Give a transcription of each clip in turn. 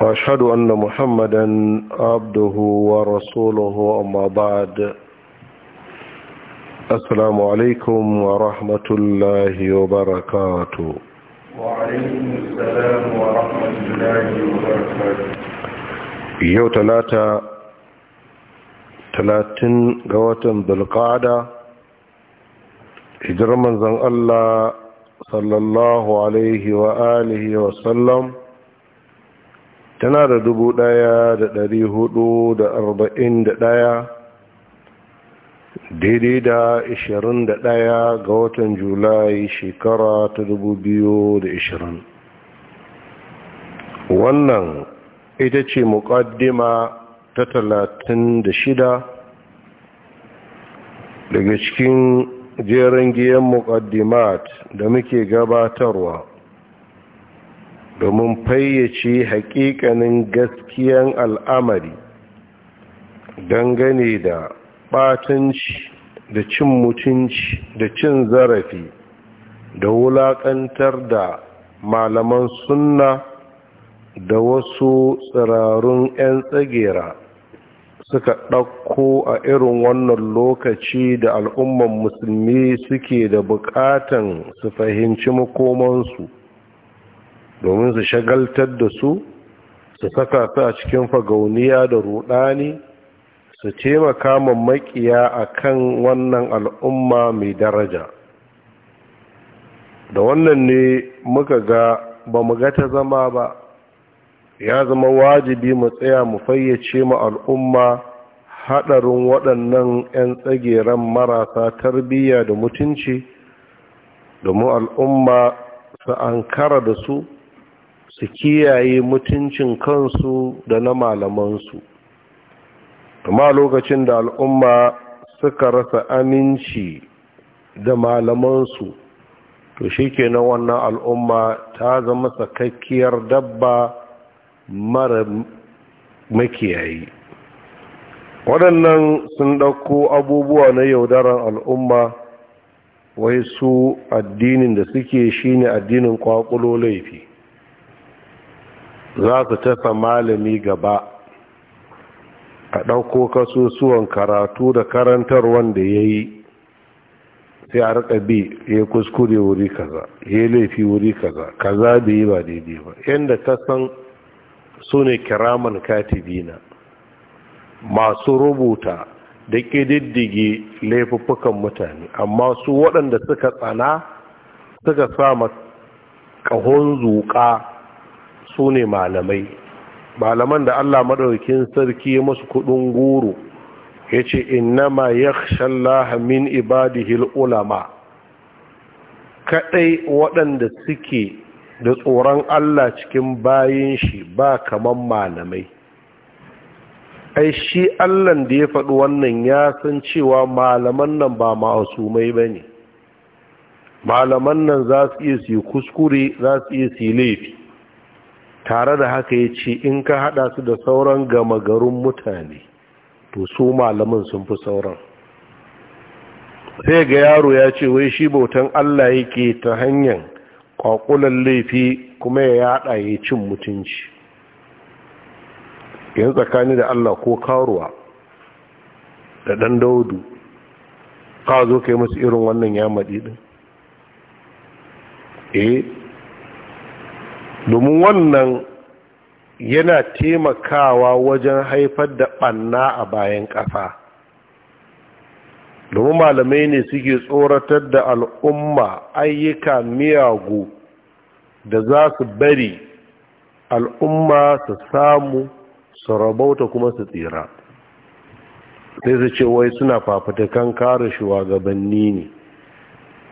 واشهد ان محمدا عبده ورسوله اما بعد السلام عليكم ورحمه الله وبركاته وعليكم السلام ورحمه الله وبركاته يوم ثلاثه 30 ga watan dulqa'ada hijirar manzon Allah sallallahu alaihi wa alihi wa sallam tana da dubu ɗaya da ɗari hudu da arba'in da ɗaya daidai da ishirin da ɗaya ga watan julai shekara ta dubu biyu da ishirin wannan ita ce muƙaddima ta talatin da shida daga cikin jerin giyan muƙaddimat da muke gabatarwa domin fayyace hakikanin gaskiyan al'amari dangane da batanci da cin mutunci da cin zarafi da wulaƙantar da malaman sunna da wasu tsirarun 'yan tsagera suka ɗauko a irin wannan lokaci da al'umman musulmi suke da buƙatan su fahimci makomansu domin su shagaltar da su su saka su a cikin fagauniya da rudani su taimaka ma makiya a kan wannan al'umma mai daraja da wannan ne muka ga ba mu ga ta zama ba ya zama wajibi mu tsaya mu fayyace ma al'umma haɗarin waɗannan 'yan tsageren marasa tarbiyya da mutunci domin al'umma su ankara da su su kiyaye mutuncin kansu da na malamansu amma lokacin da al'umma suka rasa aminci da malamansu to shikenan wannan al'umma ta zama sakakkiyar dabba mara makiyayi waɗannan sun ɗauko abubuwa na yaudaran al'umma wai su addinin da suke shine addinin kwakulo laifi za su tafa malami gaba a ɗauko kasusuwan karatu da karantar wanda ya yi sai a rika bi ya kuskure wuri kaza ya laifi wuri kaza kaza da yi ba daidai ba yadda ta san su ne kiraman katibina masu rubuta da ƙididdige laifuffukan mutane amma su waɗanda suka tsana suka sama ƙahon zuƙa Sune malamai malaman da Allah maɗaukin sarki masu kuɗin goro ya ce inna ya shallaha min ibadihil ulama kaɗai waɗanda suke da tsoron Allah cikin bayan shi ba kaman malamai ai shi allan da ya faɗi wannan ya san cewa malaman nan ba masumai ba ne malaman nan za su iya yi kuskure za su iya su yi laifi tare da haka ya ce in ka hada su da sauran gama garin mutane to su malamin sun fi sauran sai ga yaro ya ce wai shi bautan Allah yake ta hanyar kwakulan laifi kuma ya yada ya cin mutunci yin tsakani da Allah ko karuwa da ɗan daudu ka zo ka yi masu irin wannan ya maɗi ɗin eh, domin wannan yana taimakawa wajen haifar da ɓanna a bayan ƙasa domin malamai ne suke tsoratar da al'umma ayyuka miyagu da za su bari al'umma su samu su rabauta kuma su tsira sai su ce wai suna fafatakan kare shugabanni ne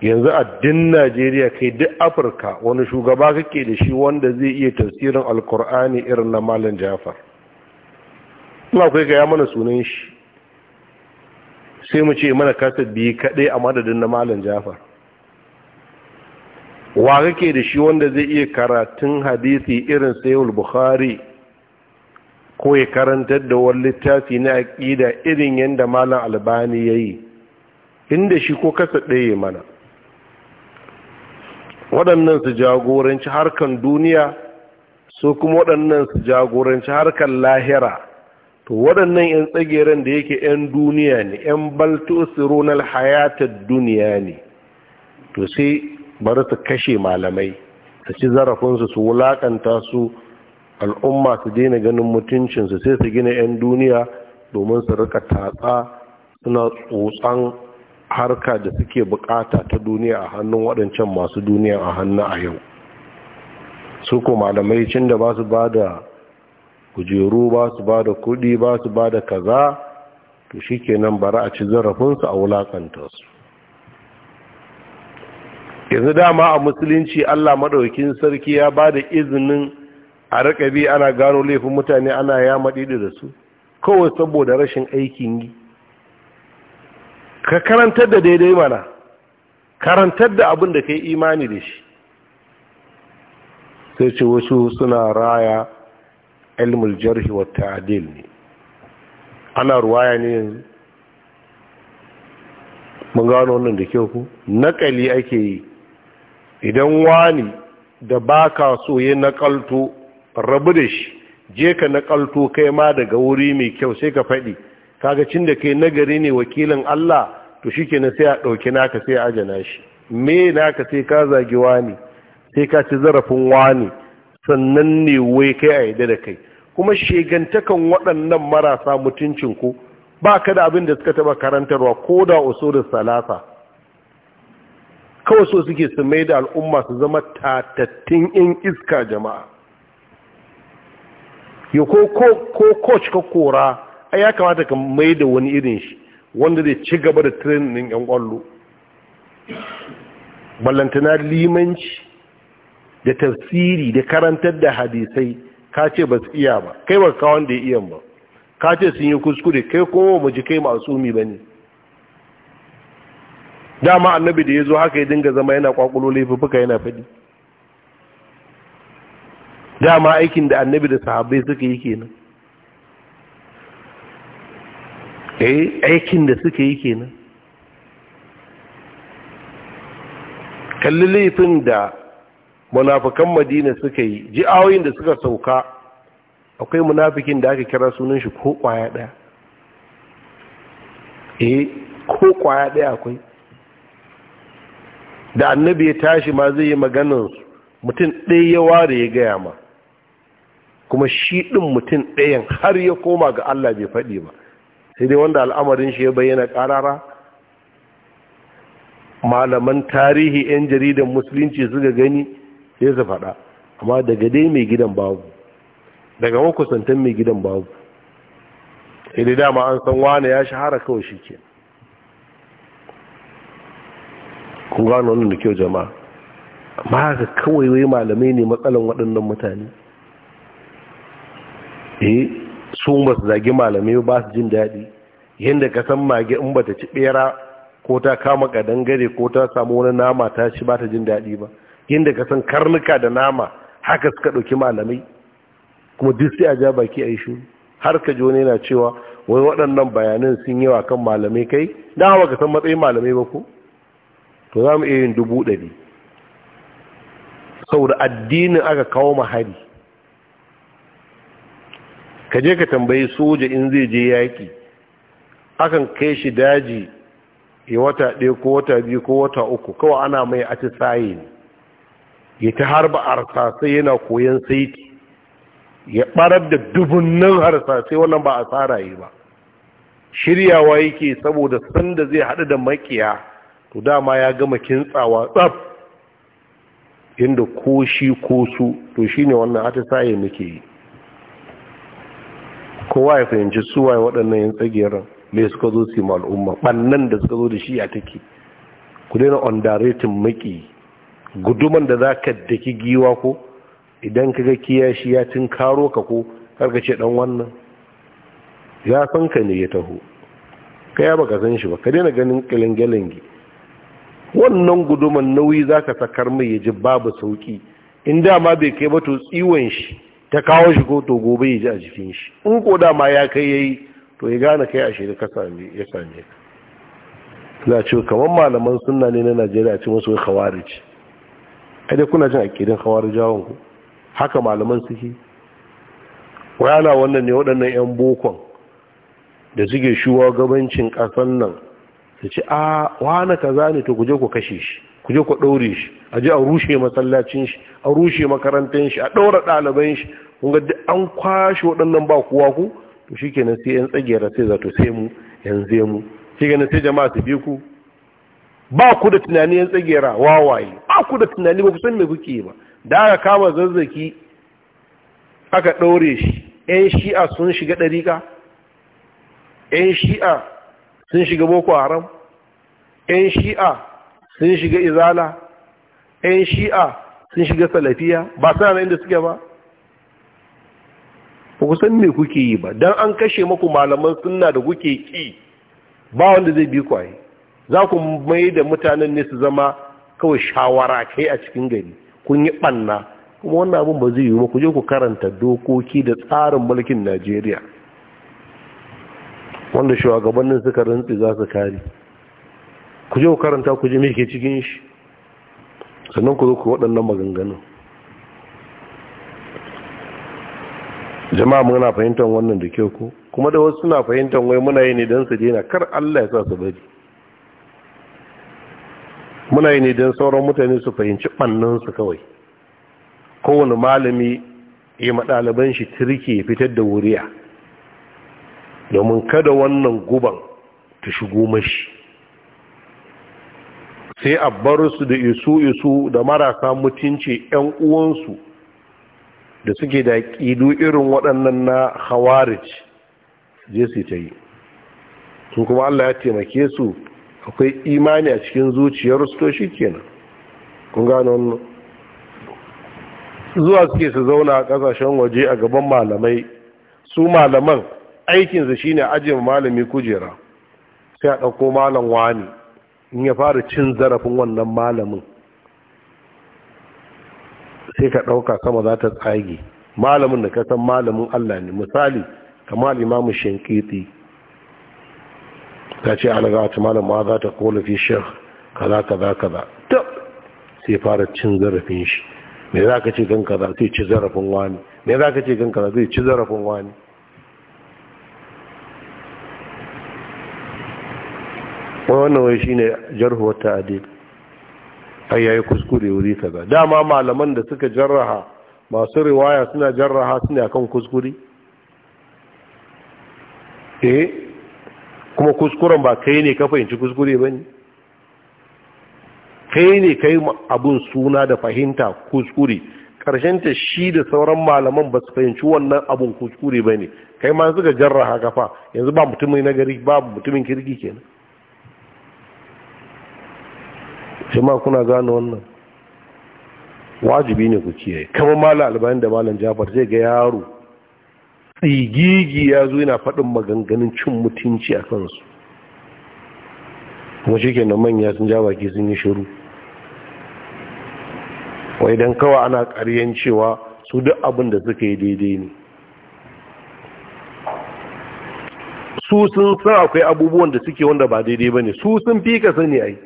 yanzu a najeriya kai duk afirka wani shugaba kake da shi wanda zai iya tafsirin alkur'ani irin na malam jafar ina kai ga mana sunan shi sai mu ce mana kasar biyu kaɗai a madadin na malam jafar wa kake da shi wanda zai iya karatun hadisi irin sayul bukhari ko ya karantar da wani littafi na aƙida irin yanda malam albani yayi inda shi ko kasa ɗaya mana waɗannan su jagoranci harkan duniya su kuma waɗannan su jagoranci harkan lahira to waɗannan 'yan tsageren da yake 'yan duniya ne 'yan balto sironal hayatar duniya ne to sai bari su kashe malamai su ci zarafinsu su wulaƙanta su al'umma su daina ganin mutuncinsu sai su gina 'yan duniya domin su rika tatsa suna tsotsan harka da suke bukata ta duniya a hannun waɗancan masu duniya a hannu a yau su ko malamai cin da ba su ba da kujeru ba su ba da kudi ba su ba da kaza to shi kenan bara a ci zarafinsu a wulakanta su yanzu dama a musulunci allah maɗaukin sarki ya ba da izinin a rikabi ana gano laifin mutane ana ya maɗiɗi da su kawai saboda rashin aikin yi ka karantar da daidai mana karantar da abin da ka imani da shi sai ce wasu suna raya ilmul jarhi wa ta'adil ne ana ruwaya ne yanzu mun gano wannan da kyau ku nakali ake yi idan wani da baka so ya nakalto rabu da shi je ka nakalto kai ma daga wuri mai kyau sai ka faɗi kaga cin da kai nagari ne wakilin Allah to na sai a dauki naka sai a ajana shi me naka sai ka zagi wani sai ka ci zarafin wani sannan ne wai kai a yadda da kai kuma shegantakan waɗannan marasa mutuncin ku ba ka da abin da suka taɓa karantarwa ko da da salasa kawai so suke su mai da al'umma su zama tatattun in iska jama'a ya ko coach ka kora a ya kamata ka mai da wani irin shi wanda zai ci gaba da training yan kwallo ballantana limanci da tafsiri da karantar da hadisai ka ce ba su iya ba kai ba kawo wanda ya iya ba ka ce sun yi kuskure kai kowa mu ji kai asumi ba ne dama annabi da ya zo haka ya dinga zama yana kwakulo laifuka yana faɗi dama aikin da annabi da sahabbai suka yi kenan yi eh, aikin da suka yi kenan kalli laifin da munafukan madina suka yi ji awoyin da suka sauka akwai munafikin da aka kira sunan shi ko kwaya daya eh ko kwaya daya akwai da annabi ya tashi ma zai yi maganar mutum ɗaya ya ware ya gaya ma kuma shi ɗin mutum ɗayan har ya koma ga Allah bai faɗi ba sai dai wanda al'amarin shi ya bayyana karara malaman tarihi 'yan jaridan musulunci suka gani sai su faɗa amma daga dai mai gidan babu daga makusantan mai gidan babu sai dai dama an san wane ya shahara kawai shi ke kun gano wannan da kyau jama'a amma haka kawai wai malamai ne matsalan waɗannan mutane eh su ba zagi malamai ba su jin daɗi yadda ka san mage in bata ci ɓera ko ta kama kadangare ko ta samu wani nama ta ci ba ta jin daɗi ba yadda ka san karnuka da nama haka suka ɗauki malamai kuma duk sai a ja baki a yi shi har ka ji wani yana cewa wai waɗannan bayanan sun yawa kan malamai kai da hawa ka san matsayin malamai ba ko to za mu iya yin dubu ɗari saboda addinin aka kawo mahari hari ka je ka tambayi soja in zai je yaƙi akan kai shi daji ya wata ɗaya ko wata biyu ko wata uku kawai ana mai atisaye ne ya ta harba harsasai yana koyon saiti ya ɓarar da dubunnan harsasai wannan ba a tsara yi ba shiryawa yake saboda sanda zai haɗu da makiya to dama ya gama kintsawa tsaf inda ko shi ko su to shine wannan atisaye muke yi kowa ya fahimci suwaye waɗannan yin tsagerin mai suka zo su ma al'umma ɓannan da suka zo da shi a take ku daina ondaretin maki guduman da za ka daki giwa ko idan ka ga kiyashi ya tun karo ka ko karka ce dan wannan ya san ka ne ya taho ka ya baka san shi ba ka daina ganin kilangelangi wannan guduman nauyi za ka sakar mai ya ji babu sauki in dama bai kai ba to tsiwon shi ta kawo shi ko to gobe ya ji a jikin shi in ko dama ya kai yayi to ya gane kai a shirye ka sami ya sami ka za ce kamar malaman sunna ne na Najeriya ce masu kawarici a dai kuna jin akidin khawarijawan ku haka malaman suke wayana wannan ne waɗannan yan bokon da suke shuwa gabancin ƙasan nan su ce a wani kaza ne to ku ku kashe shi ku je ku ɗaure shi a je a rushe masallacin shi a rushe makarantar shi a ɗaura ɗaliban shi kun ga duk an kwashe waɗannan ba kuwa ku to shi kenan sai yan tsagera sai zato sai mu yanzu mu shi kenan sai jama'a su bi ku ba ku da tunani yan tsagera wawaye ba ku da tunani ba ku san me kuke ba da aka kama zazzaki aka ɗaure shi yan shi'a sun shiga ɗariƙa yan shi'a sun shiga boko haram yan shi'a sun shiga izala ɗayan shi'a sun shiga salafiya ba sana inda suke ba ba ku san me kuke yi ba don an kashe maku malaman suna da kuke ƙi ba wanda zai bi kwaye za ku mai da mutanen ne su zama kawai shawara kai a cikin gari kun yi ɓanna kuma wannan abin ba zai yi ma ku je ku karanta dokoki da tsarin mulkin najeriya wanda shugabannin suka rantsi za su kare ku je ku karanta ku je me ke cikin shi sannan ku zo ku waɗannan maganganun jama'a muna fahimtar wannan da kyau ko kuma da wasu suna fahimtar wai muna yi ne don su daina kar Allah ya sa su bari muna yi ne don sauran mutane su fahimci su kawai kowane malami ya ɗaliban shi ya fitar da wuriya domin kada wannan guban ta shigo mashi sai a bar su da isu isu da marasa mutunci yan uwansu da suke da ƙidu irin waɗannan na khawarij je su ta yi su kuma Allah ya taimake su akwai imani a cikin zuciyar su to shi kenan kun gano wannan. zuwa suke su zauna a ƙasashen waje a gaban malamai su malaman aikinsu shine ajin malami kujera sai a ɗauko malam wani in ya fara cin zarafin wannan malamin sai ka ɗauka sama za ta tsage malamin da ka san malamin Allah ne misali kamar imamu shinkiti ta ce algata malam ma za ta kola fi shek kaza kaza kaza tab sai fara cin zarafin shi me za ka ce kan kaza sai ci zarafin wani me za ka ce kan kaza sai ci zarafin wani wannan wai shine jarhu wa ta'dil ai yayi kuskure wuri kaza dama malaman da suka jarraha masu riwaya suna jarraha suna akan kuskure eh kuma kuskuren ba kai ne ka fahimci kuskure bane kai ne kai abun suna da fahimta kuskure Karshen ta shi da sauran malaman ba su fahimci wannan abun kuskure bane kai ma suka jarraha kafa yanzu ba mutumin nagari ba mutumin kirki kenan ma kuna gano wannan wajibi ne ku kiyaye kamar malam albayan da malam jafar zai ga yaro tsigigi ya zo yana faɗin maganganun cin mutunci a kansu kuma shi nan manya sun ja baki sun yi shiru wai don kawa ana ƙaryen cewa su duk abin da suka yi daidai ne su sun san akwai abubuwan da suke wanda ba daidai ba ne su sun fi ka sani ai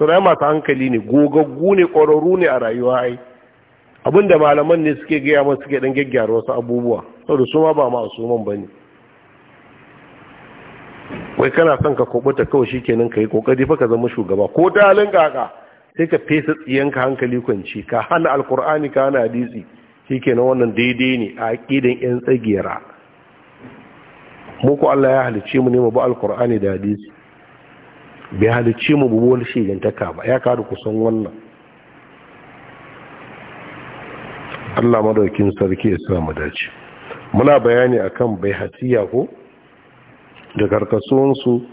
suna masu hankali ne gogaggu ne ƙwararru ne a rayuwa ai abinda malaman ne suke gaya masu suke ɗan gyaggyara wasu abubuwa saboda su ma ba suman ba ne wai kana son ka kubuta kawai shi kenan ka yi ƙoƙari fa ka zama shugaba ko ta halin sai ka fesa tsiyanka hankali kwanci ka hana alkur'ani ka hana hadisi shi wannan daidai ne a aƙidan 'yan tsagiyara muku Allah ya halicce mu ne mu ba alkur'ani da hadisi bai halicci mu bubu wani shigantaka ba ya da kusan wannan Allah madaukin sarki ya sa mu dace muna bayani akan bai hatsiya ko da karkasuwansu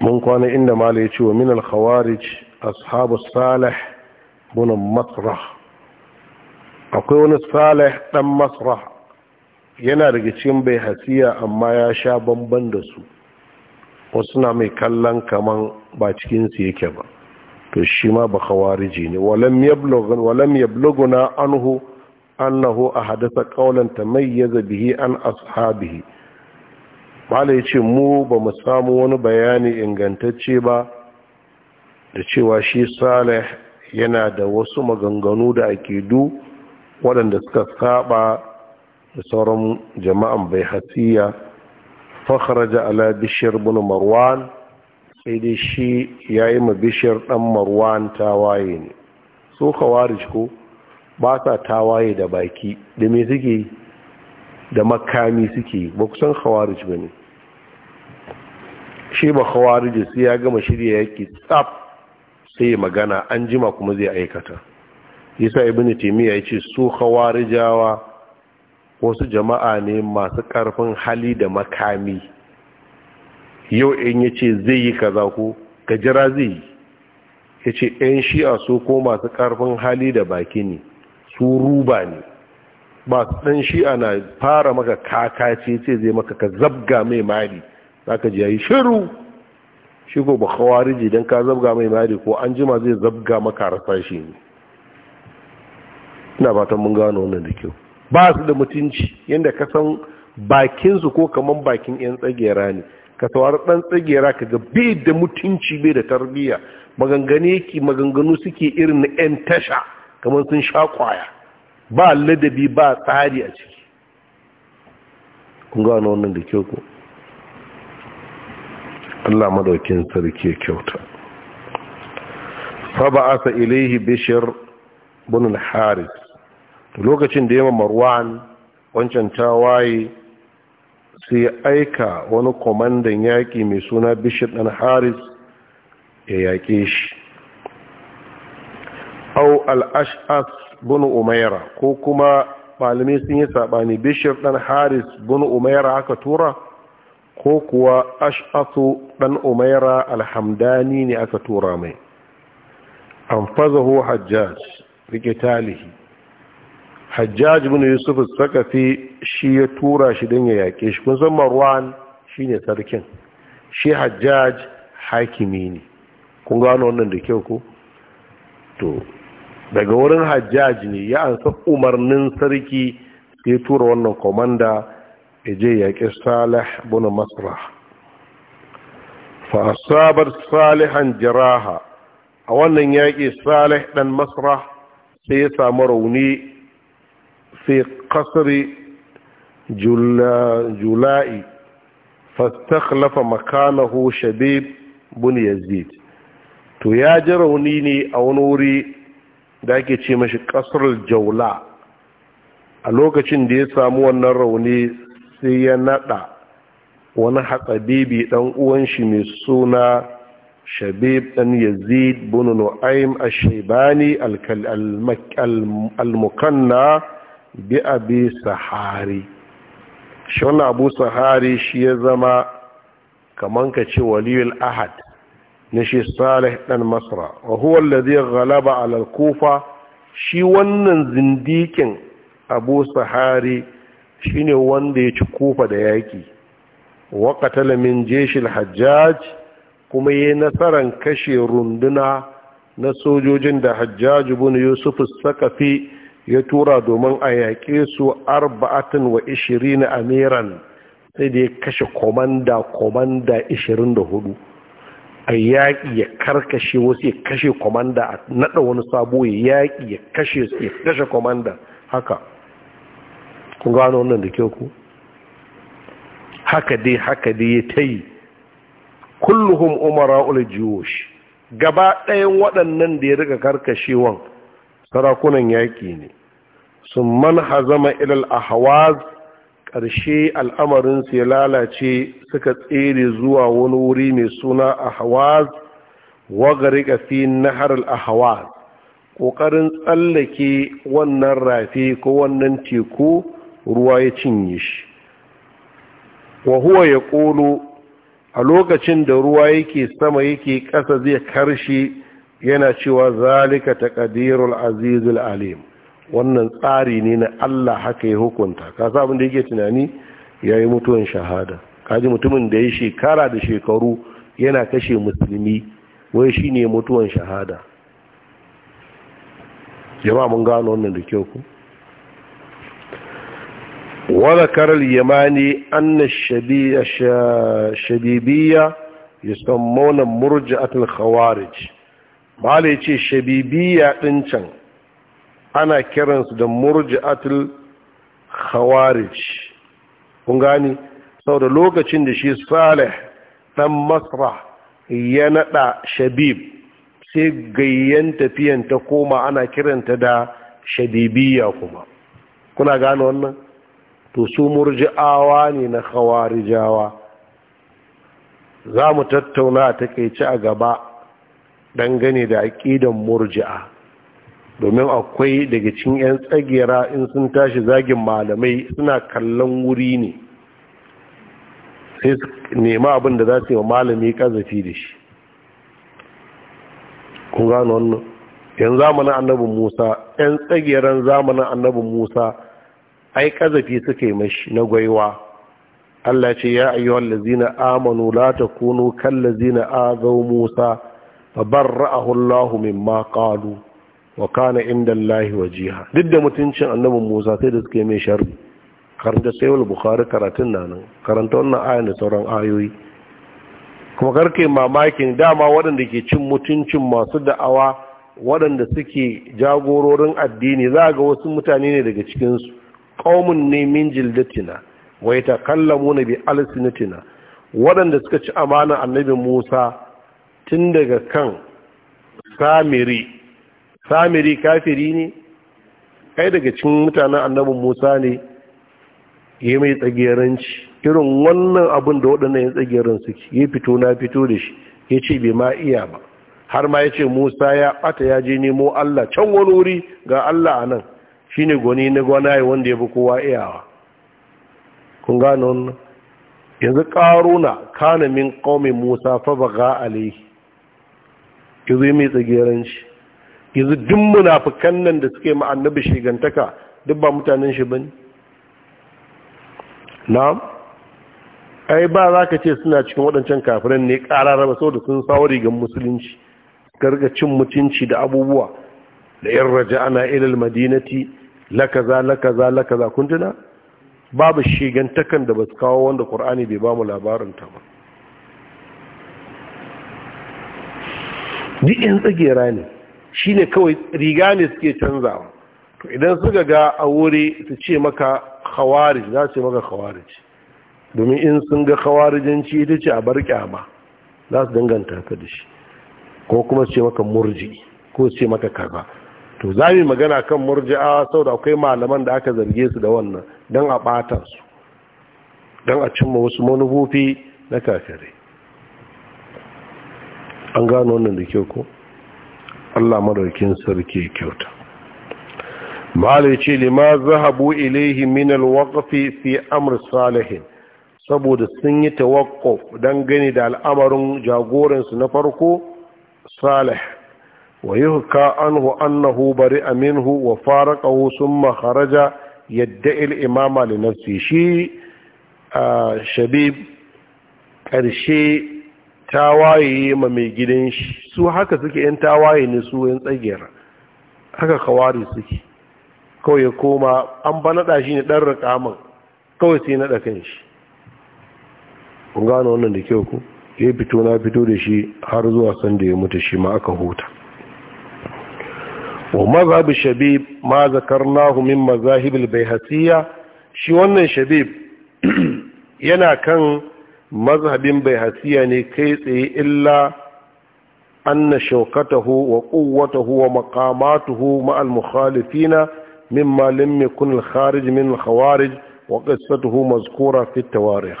mun kwana inda mala ya ce wa minal khawarij ashabu salih bunan masrah akwai wani salih dan masrah yana daga cikin bai hasiya amma ya sha bamban da su wasu na mai kallon kaman ba cikinsu yake ba to shi ma ba kawariji ne walam yabluguna anhu annahu a hadasa mai tamayyaza bihi an ashabihi mala ya ce mu ba mu samu wani bayani ingantacce ba da cewa shi salih yana da wasu maganganu da akidu waɗanda suka saba da sauran jama'an bai hasiya fakharaja ala bishir bin marwan sai dai shi ya yi ma bishiyar ɗan marwan tawaye ne so kawarij ko ba sa tawaye da baki da me suke da makami suke ba kusan kawarij ba ne shi ba kawarij sai ya gama shirya yaki tsaf sai magana anjima kuma zai aikata yasa ibn taymiya yace su khawarijawa wasu jama'a ne masu ƙarfin hali da makami yau in ya ce zai yi kaza ko gajira zai yi ya ce 'yan shi'a su ko masu karfin hali da baki ne su ruba ne ba su ɗan shi'a na fara maka kakace ce zai maka ka zabga mai mari za ka ji ya yi shiru shi ko ba kawariji don ka zabga mai mari ko an jima zai zabga maka rasa shi ne ina fatan mun gano wannan da kyau ba su da mutunci yadda ka san bakinsu ko kaman bakin 'yan tsagera ne ka saurari ɗan tsagera ka ga bai da mutunci bai da tarbiyya maganganu yake maganganu suke irin na 'yan tasha kamar sun sha kwaya ba ladabi ba tsari a ciki ƙunga na wannan da kyau ku. Allah madaukin sarki kyauta fa asa ilaihi bishir bin haris lokacin da ya marwan wancan ta waye sai aika wani kwamandan yaƙi mai suna bishir ɗan haris ya yaƙe shi au al'ash'as bin umaira ko kuma malamai sun yi saɓani bishir ɗan haris bin umaira aka tura ko kuwa ash'asu ɗan umaira alhamdani ne aka tura mai an fazahu hajjaj rikitalihi talihi hajjaj bin yusuf sakafi shi ya tura shi don ya yaƙe shi kun san marwan ne sarkin shi hajjaj hakimi ne kun gano wannan da kyau ko to daga wurin hajjaj ne ya ansa umarnin sarki sai ya tura wannan komanda ya je yaƙe salih bin masra fa asabar salihan jiraha a wannan yaƙi salih dan masra sai ya samu rauni في قصر جلا جلائي فاستخلف مكانه شبيب بن يزيد to ya ji rauni ne a wani wuri da ake ce mashi ƙasar jaula a lokacin da ya samu wannan rauni sai ya naɗa wani hatsabibi ɗan uwan shi mai suna shabib ɗan yazid bun nu'aym ash-shaybani al bi abi sahari shi wani abu sahari shi ya zama kaman ka ce waliyul ahad na shi salih dan masra wa huwa alladhi ghalaba ala al-kufa shi wannan zindikin abu sahari shine wanda ya ci kufa da yaki wa qatala min jeshil hajjaj kuma yayi nasaran kashe runduna na sojojin da hajjaj ibn yusuf as-sakafi ya tura domin a yaƙe su arba'atin wa ishirin amiran sai da ya kashe komanda komanda ishirin da hudu a yaƙi ya karkashe wasu ya kashe komanda a naɗa wani sabo ya yaƙi ya kashe su ya kashe komanda haka kun gano wannan da kyau ku haka dai haka dai ya ta yi Umar, umara'ul jiwoshi gaba ɗayan waɗannan da ya riga karkashewan sarakunan yaƙi ne sun man zama ilal ahawaz ƙarshe al'amarinsu ya lalace suka tsere zuwa wani wuri mai suna ahawaz wagari ƙafi nahar al'ahawaz ƙoƙarin tsallake wannan rafi ko wannan teku ruwa ya cinye shi wahuwa ya ƙolo a lokacin da ruwa yake sama yake ƙasa zai karshe yana cewa zalika taƙadirul azizul alim wannan tsari ne na Allah haka ya hukunta ka sa abin da yake tunani ya yi mutuwan shahada kaji mutumin da ya shekara da shekaru yana kashe musulmi wai shi ne mutuwan shahada jama'a mun gano wannan da kyau ku وذكر اليماني أن الشبي... shabibiya الشبيبية يسمون مرجعة الخوارج ما ليش الشبيبية can. ana kiransu da murji'atul khawarij kun gani saboda lokacin da shi salih dan masra ya nada shabib sai gayyan tafiyan ta koma ana kiranta da shabibiyya kuma kuna gane wannan to su murji'awa ne na khawarijawa za mu tattauna a takaice a gaba dangane da aƙidan murji'a domin akwai daga cin 'yan tsagera in sun tashi zagin malamai suna kallon wuri ne sai su nema abin da za su yi wa malami kazafi da shi kun gano wannan yan zamanin annabin musa 'yan tsageren zamanin annabin musa ai kazafi suka yi mashi na gwaiwa Allah ce ya ayyuhal lazina amanu la takunu kal lazina azaw musa fa barra'ahu Allahu mimma qalu wa kana inda Allah wajiha duk da mutuncin annabin Musa sai da suke mai sharri karanta wal bukhari karatun nan karanta wannan aya da sauran ayoyi kuma karke mamakin dama waɗanda ke cin mutuncin masu da'awa waɗanda suke jagororin addini za ga wasu mutane ne daga cikin su qaumun ne min jildatina wai ta bi alsinatina waɗanda suka ci amana annabi musa tun daga kan samiri samiri kafiri ne kai daga cikin mutanen annabin musa ne ya mai tsagiyaranci. irin wannan abin da waɗannan ya tsagerin suke ya fito na fito da shi ya ce bai ma iya ba har ma ya ce musa ya ɓata ya je nemo allah can wani wuri ga allah a nan shi ne gwani na gwanaye wanda ya fi kowa iyawa kun gano wannan yanzu ƙaruna kana min ƙaumin musa fa ba ga alaihi ya mai tsagiyaranci. yanzu duk munafukan nan da suke ma'annabi shigantaka duk ba mutanen shi bane na'am ai ba za ka ce suna cikin waɗancan kafiran ne raba ba saboda sun sawo rigar musulunci gargacin cin mutunci da abubuwa da yan raja ana ilil madinati lakaza lakaza lakaza kun tuna babu shigantakan da ba su kawo wanda ƙur'ani bai ba mu labarin ta ba duk yan tsagera ne shine kawai riga ne suke canzawa to idan suka ga a wuri su ce maka khawarij za su maka khawarij domin in sun ga khawarijanci ita ce a bar kyama za su danganta ka da shi ko kuma su ce maka murji ko su ce maka kaza to za mu magana kan murji'a saboda akwai malaman da aka zarge su da wannan dan a bata su dan a cimma wasu manufofi na kafirai an gano wannan da kyau ko Allah madaukin sarki kyauta Mali ce lima zahabu ilaihi min alwaqfi fi amr salihin saboda sun yi tawakkuf dan gani da al'amarin jagoransu na farko salih wa yuhka anhu annahu bari'a minhu wa faraqahu thumma kharaja Yadda al-imama li nafsihi shi ah, shabib karshe tawaye ma mai gidan shi su haka suke yan tawaye ne su yan tsagiyar, haka kawari suke kawai ya koma an ba naɗa shi ne ɗan rikaman kawai sai naɗa kan shi kun gano wannan da kyau ku ya fito na fito da shi har zuwa sanda ya mutu shi ma aka huta wa bi shabib ma zakarnahu min mazahib bai shi wannan shabib yana kan mazhabin bai hasiya ne kai tsaye illa anna shaukatahu wa kuwatahu wa makamatuhu ma'al mukhalifina min malin al kharij min al khawarij wa qissatuhu mazkura fi tawarikh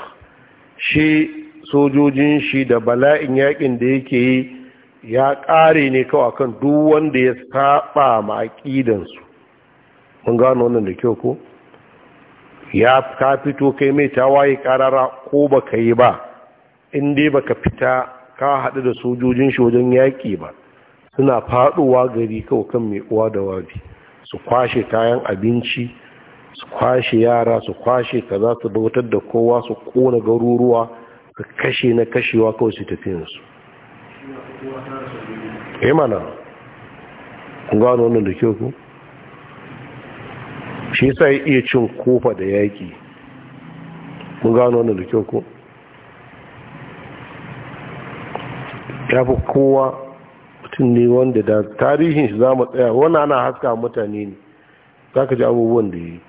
shi sojojin shi da bala'in yakin da yake yi ya kare ne kawai akan duk wanda ya saba ma aqidan mun gano wannan da kyau ko ya ka fito kai mai ta tawaye karara ko baka yi ba in dai baka fita ka haɗu da sojojin shojin yaƙi ba suna faɗowa gari kawai kan mai uwa da wabi su kwashe kayan abinci su kwashe yara su kwashe za su bautar da kowa su kona garuruwa su kashe na kashewa kawai su tafi eh mana gano da kyau shi sa ya iya cin kofa da yaƙi mun gano wani da kyau ko ya fi kowa mutum ne wanda da tarihin shi za mu tsaya wani ana haska mutane ne za ka ji abubuwan da ya yi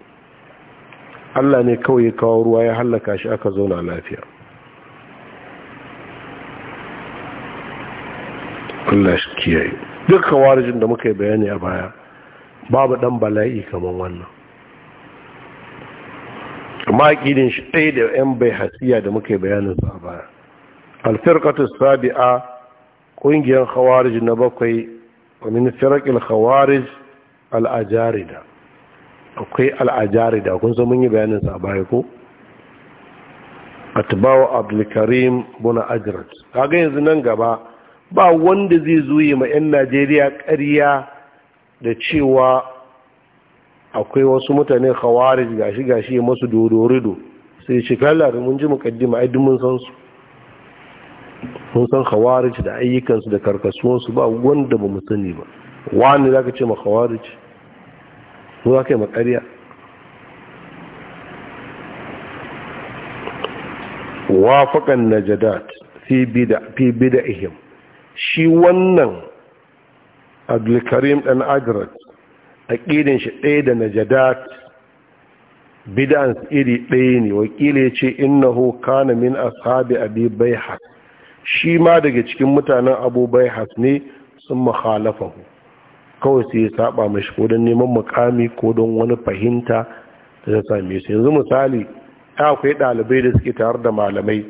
allah ne kawai ya kawo ruwa ya hallaka shi aka zauna lafiya allah shi kiyaye duk kawarijin da muka yi bayani a baya babu dan bala'i kamar wannan amma aƙidin shi ɗaya da 'yan bai hasiya da muka yi bayanin su a baya alfirkatu sabi'a ƙungiyar khawarij na bakwai wa min khawarij al'ajarida akwai al'ajarida kun san mun yi bayanin a baya ko atbawa abdulkarim buna ajrat kaga yanzu nan gaba ba wanda zai zuyi ma 'yan najeriya ƙarya da cewa akwai wasu mutane khawarij gashi gashi masu dodorido sai ce kalla da mun ji mukaddima ai duk mun san su mun san khawarij da ayyukansu da karkasuwansu ba wanda ba mu sani ba wani zaka ce ma khawarij ko zaka yi makariya wafaqan najadat fi bid'a fi bid'ihim shi wannan abdulkarim dan ajrat aƙidin shi ɗaya da najadat bid'an iri ɗaya ne wakili ya ce innahu kana min ashabi abi baihas shi ma daga cikin mutanen abu baihas ne sun ku kawai sai ya saba mashi ko don neman mukami ko don wani fahimta da ta same su yanzu misali akwai ɗalibai da suke tare da malamai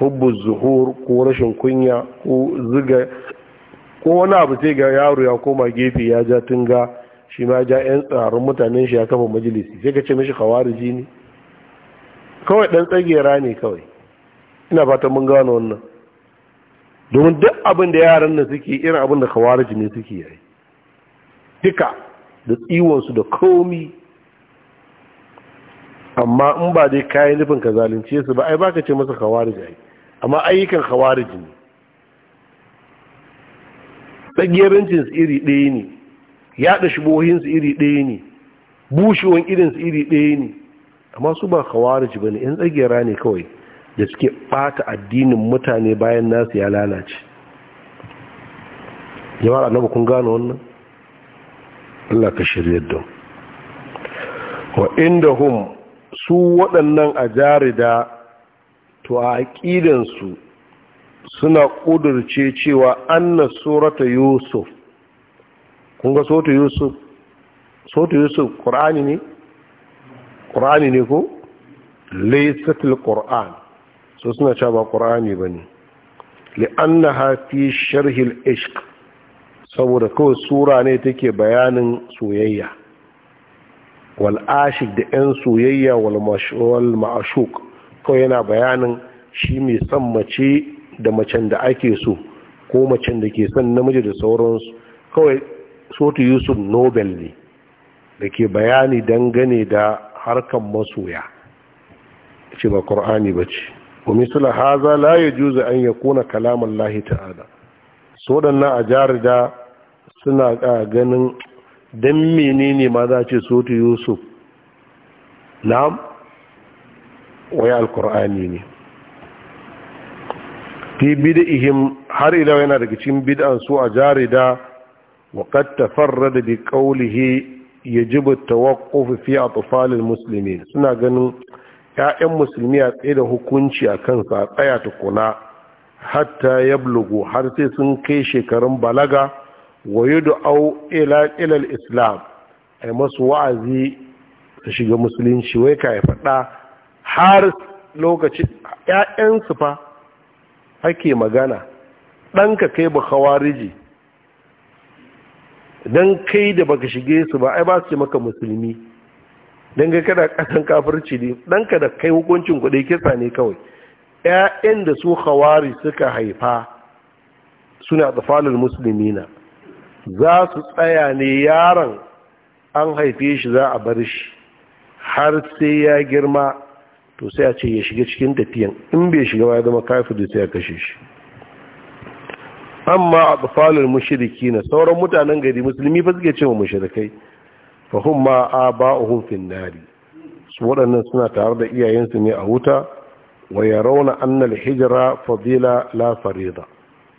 hubbu zuhur ko rashin kunya ko ziga ko wani abu sai ga yaro ya koma gefe ya ja tunga shi ma ja yan tsarin mutanen shi ya kafa majalisi sai ka ce mishi khawariji ne kawai dan tsagera ne kawai ina fatan mun gano wannan domin duk abin da yaran nan suke irin abin da khawariji ne suke yi duka da su da komi amma in ba dai kayan nufin ka zalunce su ba ai baka ce masa khawariji ai amma ayyukan khawariji ne tsagiyarcinsu iri ɗaya ne yaɗa shubohinsu iri ɗaya ne bushewan irinsu iri ɗaya ne amma su ba kawarici ba ne yan tsagiyara ne kawai da suke ɓata addinin mutane bayan nasu ya lalace jama'ar annabi kun gano wannan Allah ka shirya don wa inda hum su waɗannan a jarida to a aƙidansu suna ƙudurce cewa anna surata yusuf kun ga surata yusuf surata yusuf ƙur'ani ne ƙur'ani ne ko laisatul ƙur'an so suna cewa ba ƙur'ani ba ne na hafi sharhil ishq saboda kawai sura ne take bayanin soyayya wal da 'yan soyayya wal ma'ashuk kawai yana bayanin shi mai son mace da macen da ake so ko macen da ke son namiji da sauransu kawai sotu yusuf nobel ne da ke bayani dangane da harkan masoya ce ba ƙor'ani ba ce kuma sula haza la ya juza an ya kuna kalaman lahi ta'ala sodannan a jarida da suna ganin don menene ma za ce sotu yusuf na waya qurani ne fi bid'ihim har ila yana daga cikin bid'an su a jarida wa qad tafarrada bi qawlihi yajib at-tawaqquf fi atfal al-muslimin suna ganin 'ya'yan musulmi a tsaye da hukunci a kansa a tsaya tukuna hatta yablugu har sai sun kai shekarun balaga wa yud'au ila ila al-islam ai masu wa'azi ta shiga musulunci wai ka ya faɗa har lokaci su fa ake magana ɗanka kai ba khawariji don kai da baka shige su ba ai ba su maka musulmi don ga kada kasan kafirci ne ɗanka da kai hukuncin kuɗi kisa ne kawai ‘ya'yan da su hawari suka haifa suna tsafalin musulmi na za su tsaya ne yaron an haife shi za a bar shi har sai ya girma to sai a ce ya shiga cikin tafiyan in bai shiga ya zama kafiri sai a kashe shi amma a mushiriki na sauran mutanen gari musulmi fa suke cewa mushrikai fa hum ma ba fin nari su waɗannan suna tare da iyayensu ne a wuta wa ya rauna annal hijira fadila la farida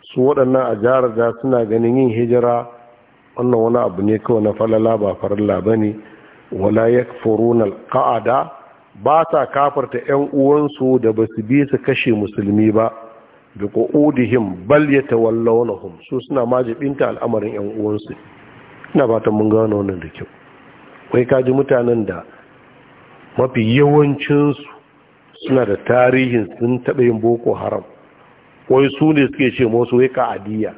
su waɗannan a da suna ganin yin hijira wannan wani abu ne kawai na falala ba farilla bane wala yakfuruna al ka'ada. ba sa kafarta 'yan uwansu da ba su bi su kashe musulmi ba da ƙo'udihim bal ya su suna majibinta al'amarin 'yan uwansu ina ta mun gano wannan da kyau kai ji mutanen da mafi yawancinsu suna da tarihin sun taɓa yin boko haram wai su ne suke ce masu wai adiya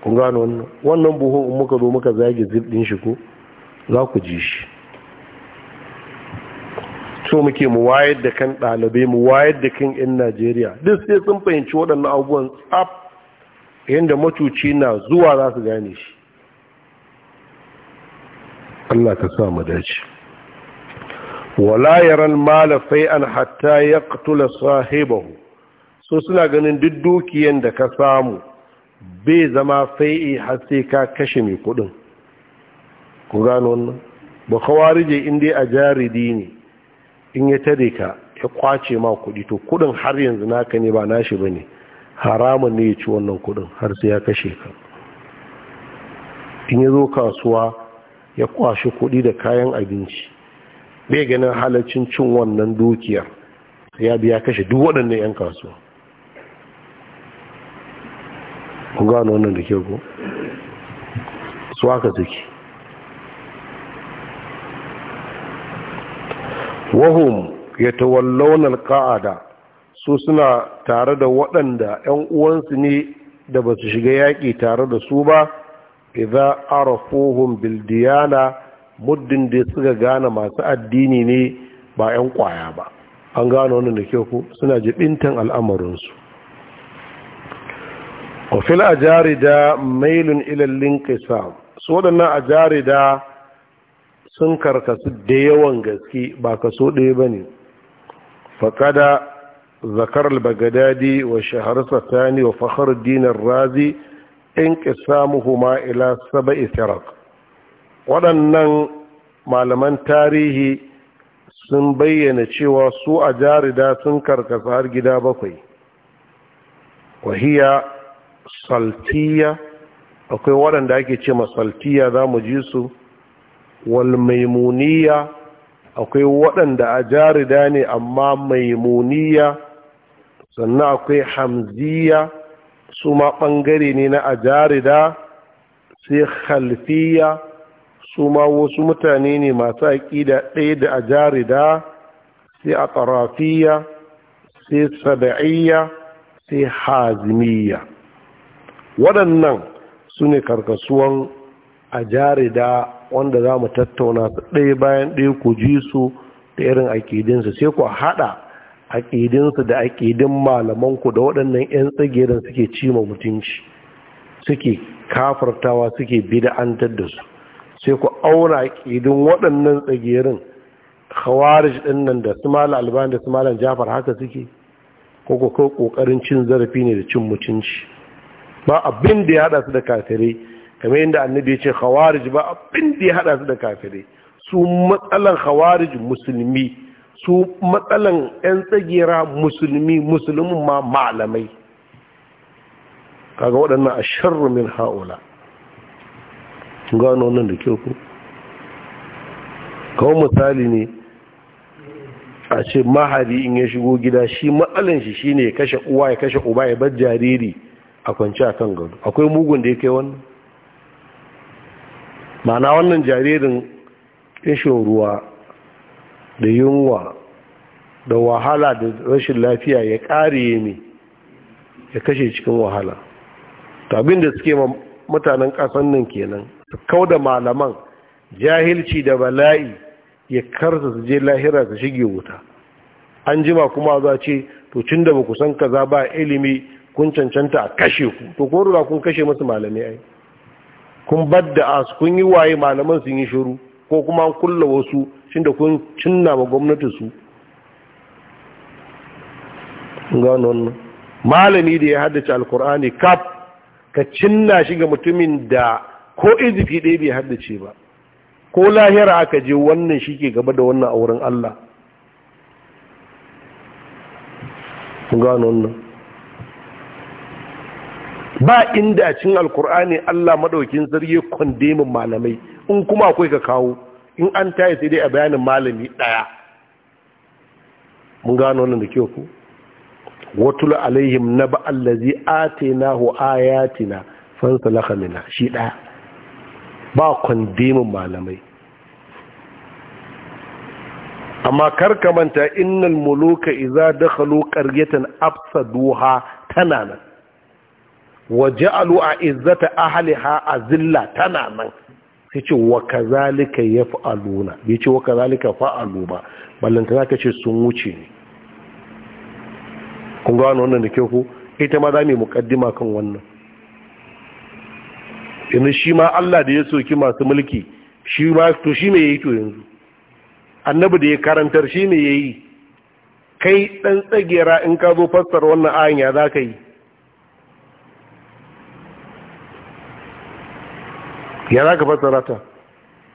kun gano wannan wannan buhun muka zo muka zage zirɗin shi ko za ku ji shi so muke mu wayar da kan ɗalibai mu wayar da kan 'yan najeriya duk sai sun fahimci waɗannan abubuwan tsaf yadda matuci na zuwa za su gane shi allah ka sa mu dace wala yaran mala an hatta ya ƙatula sahibahu so suna ganin duk dukiyan da ka samu bai zama fai'i har sai ka kashe mai kuɗin ku gano wannan ba kawarije inda a jaridi ne in ya tare ka ya kwace ma kuɗi to kuɗin har yanzu naka ne ba nashi ba ne haramun ne ya ci wannan kuɗin har sai ya kashe ka in ya zo kasuwa ya kwashe kuɗi da kayan abinci bai ganin halaccin cin wannan dukiyar ya biya kashe duk waɗannan 'yan kasuwa ku gano wannan da ke ku su aka suke wahum ya tawallonar ka'ada su suna tare da waɗanda 'yan uwansu ne da ba su shiga yaƙi tare da su ba idza arafohun bildiyana muddin da suka gane masu addini ne ba 'yan kwaya ba an gano wani da kyau ku suna jibintan al'amarinsu wafil a jarida mailin ilallin kaisam su waɗannan a jarida sun karkasu da yawan gaske ba kaso ɗaya ba ne faƙada zakar al-bagadadi wa shahar satani wa fahar dinar razi in ƙisamuhu ila saba itirak waɗannan malaman tarihi sun bayyana cewa su a jarida sun karkasa har gida bakwai wahiya saltiya akwai waɗanda ake ce ma saltiyya, za mu ji su walmaimuniya akwai waɗanda a jarida ne amma maimuniya sannan akwai hamziya su ma ɓangare ne na a jarida sai halfiya su ma wasu mutane ne masu aƙida ɗaya da a jarida sai a ƙarafiya sai sada'iyya sai hazimiyya waɗannan su ne karkasuwan a jarida wanda za mu tattauna su ɗaya bayan ɗaya ku ji su da irin aƙidinsu sai ku haɗa aƙidinsu da aƙidin malamanku da waɗannan 'yan tsagerin suke cima mutunci suke kafartawa suke bida'antar da su sai ku auna aƙidin waɗannan tsagerin khawarij ɗin nan da su malam alban da su malam jafar haka suke ko ku ƙoƙarin cin zarafi ne da cin mutunci ba abin da ya haɗa su da kafirai kamar yadda annabi ya ce khawarij ba abin da ya hada su da kafirai su matsalan khawarij musulmi su matsalan yan tsagera musulmi musulmin ma malamai kaga waɗannan a sharru min haula gano wannan da kyau ku kawo misali ne a ce mahari in ya shigo gida shi matsalan shi shine ya kashe uwa ya kashe uba ya bar jariri a kwanci a kan gado akwai mugun da ya kai wannan ma'ana wannan jaririn ƙishin ruwa da yunwa da wahala da rashin lafiya ya ƙare ne ya kashe cikin wahala tabin da suke mutanen ƙasan nan kenan kau da malaman jahilci da bala'i ya karsa su je lahira su shige wuta an jima kuma za ce to cin da ba ku san za ba ilimi kun cancanta a kashe ku to kun kashe masu malamai ai kun badda as kun yi waye malaman sun yi shiru ko kuma an kulla wasu shi da kun cinna ma gwamnati su gano malami da ya haddace alkur'ani kaf ka cinna shi ga mutumin da ko izifi ɗaya bai haddace ba ko lahira aka je wannan shi ke gaba da wannan auren allah gano wannan ba inda a cikin alkur'ani Allah madaukin zarge kwandemin malamai in kuma akwai ka kawo in an taye sai dai a bayanin malami daya mun gano wannan da kyau ku watul alaihim naba allazi atainahu ayatina fansalakha minna shi daya ba kwandemin malamai amma karkamanta innal muluka idza dakhalu qaryatan afsaduha tana nan Waje alu a izzata a zilla tana nan sai ce wa kazalika na? bai ce wa kazalika fa'alu ba ballanta ka ce sun wuce ne kun wani wannan da kyau ku? ita ma za mu muqaddima kan wannan yanzu shi ma Allah da ya soki masu mulki shi ma to shi me yi to yanzu annabi da ya karantar shi me yi? kai dan tsagera in ka zo fassara wannan ayan ya za ka yi ya za ka fasa rata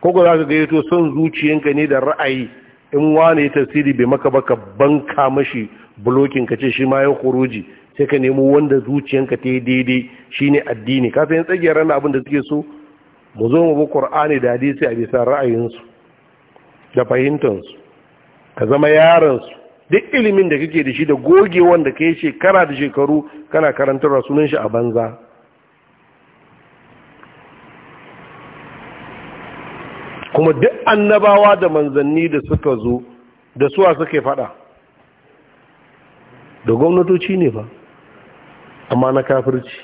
koko za ka gayyato son zuciyanka ne da ra'ayi in wane tasiri bai maka baka banka mashi bulokin ka ce shi ma ya kuruji sai ka nemo wanda zuciyanka ta yi daidai shi ne addini ka san tsagiyar ranar abin da suke so mu zo mu bi ƙur'ani da hadisi a bisa ra'ayinsu da fahimtansu ka zama yaransu duk ilimin da kake da shi da gogewan da kai shekara da shekaru kana karantarwa sunan shi a banza kuma duk annabawa da manzanni da suka zo da suwa suke fada da gwamnatoci ne ba amma na kafirci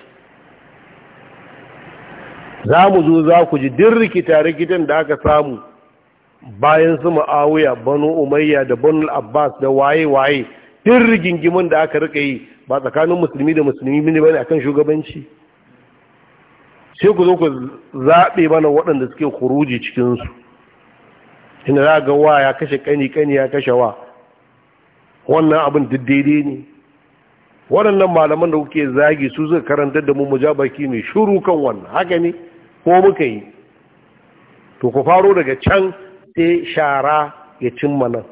za mu zo za ku ji din rikita-rikitan da aka samu bayan su ma'awuya banu umayya da banu abbas da waye-waye din rigingimin da aka rika yi ba tsakanin musulmi da musulmi ne bane akan shugabanci sai ku zo ku zaɓe mana waɗanda suke kuruji cikinsu ina za ga wa ya kashe ƙani, ƙani ya kashe wa wannan abin daidai ne waɗannan malaman da kuke zagi su suka karanta da mu mu ja baki mai shuru kan wannan haka ne ko muka yi to ku faro daga can sai shara ya cimma nan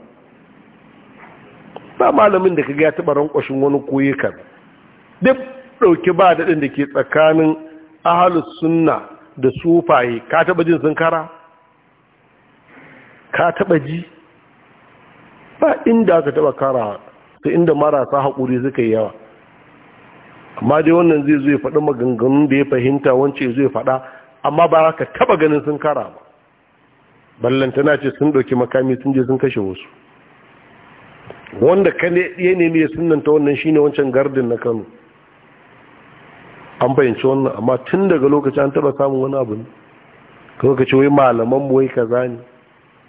ba malamin da kaga ya taɓa rankwashin wani koyi kan duk ɗauki ba daɗin da ke tsakanin ahalus sunna da sufaye ka taba jin sun kara ka taba ji ba inda aka taba kara sai inda marasa haƙuri suka yi yawa amma dai wannan zai zo ya faɗi maganganun da ya fahimta wance zai faɗa amma ba ka taba ganin sun kara ba ballantana ce sun ɗauki makami sun je sun kashe wasu wanda ya nemi ya sunanta wannan shine wancan gardin na kano an bayyance wannan amma tun daga lokaci an taba samun wani abu ne kawai ka ce wai malaman mu wai kaza ne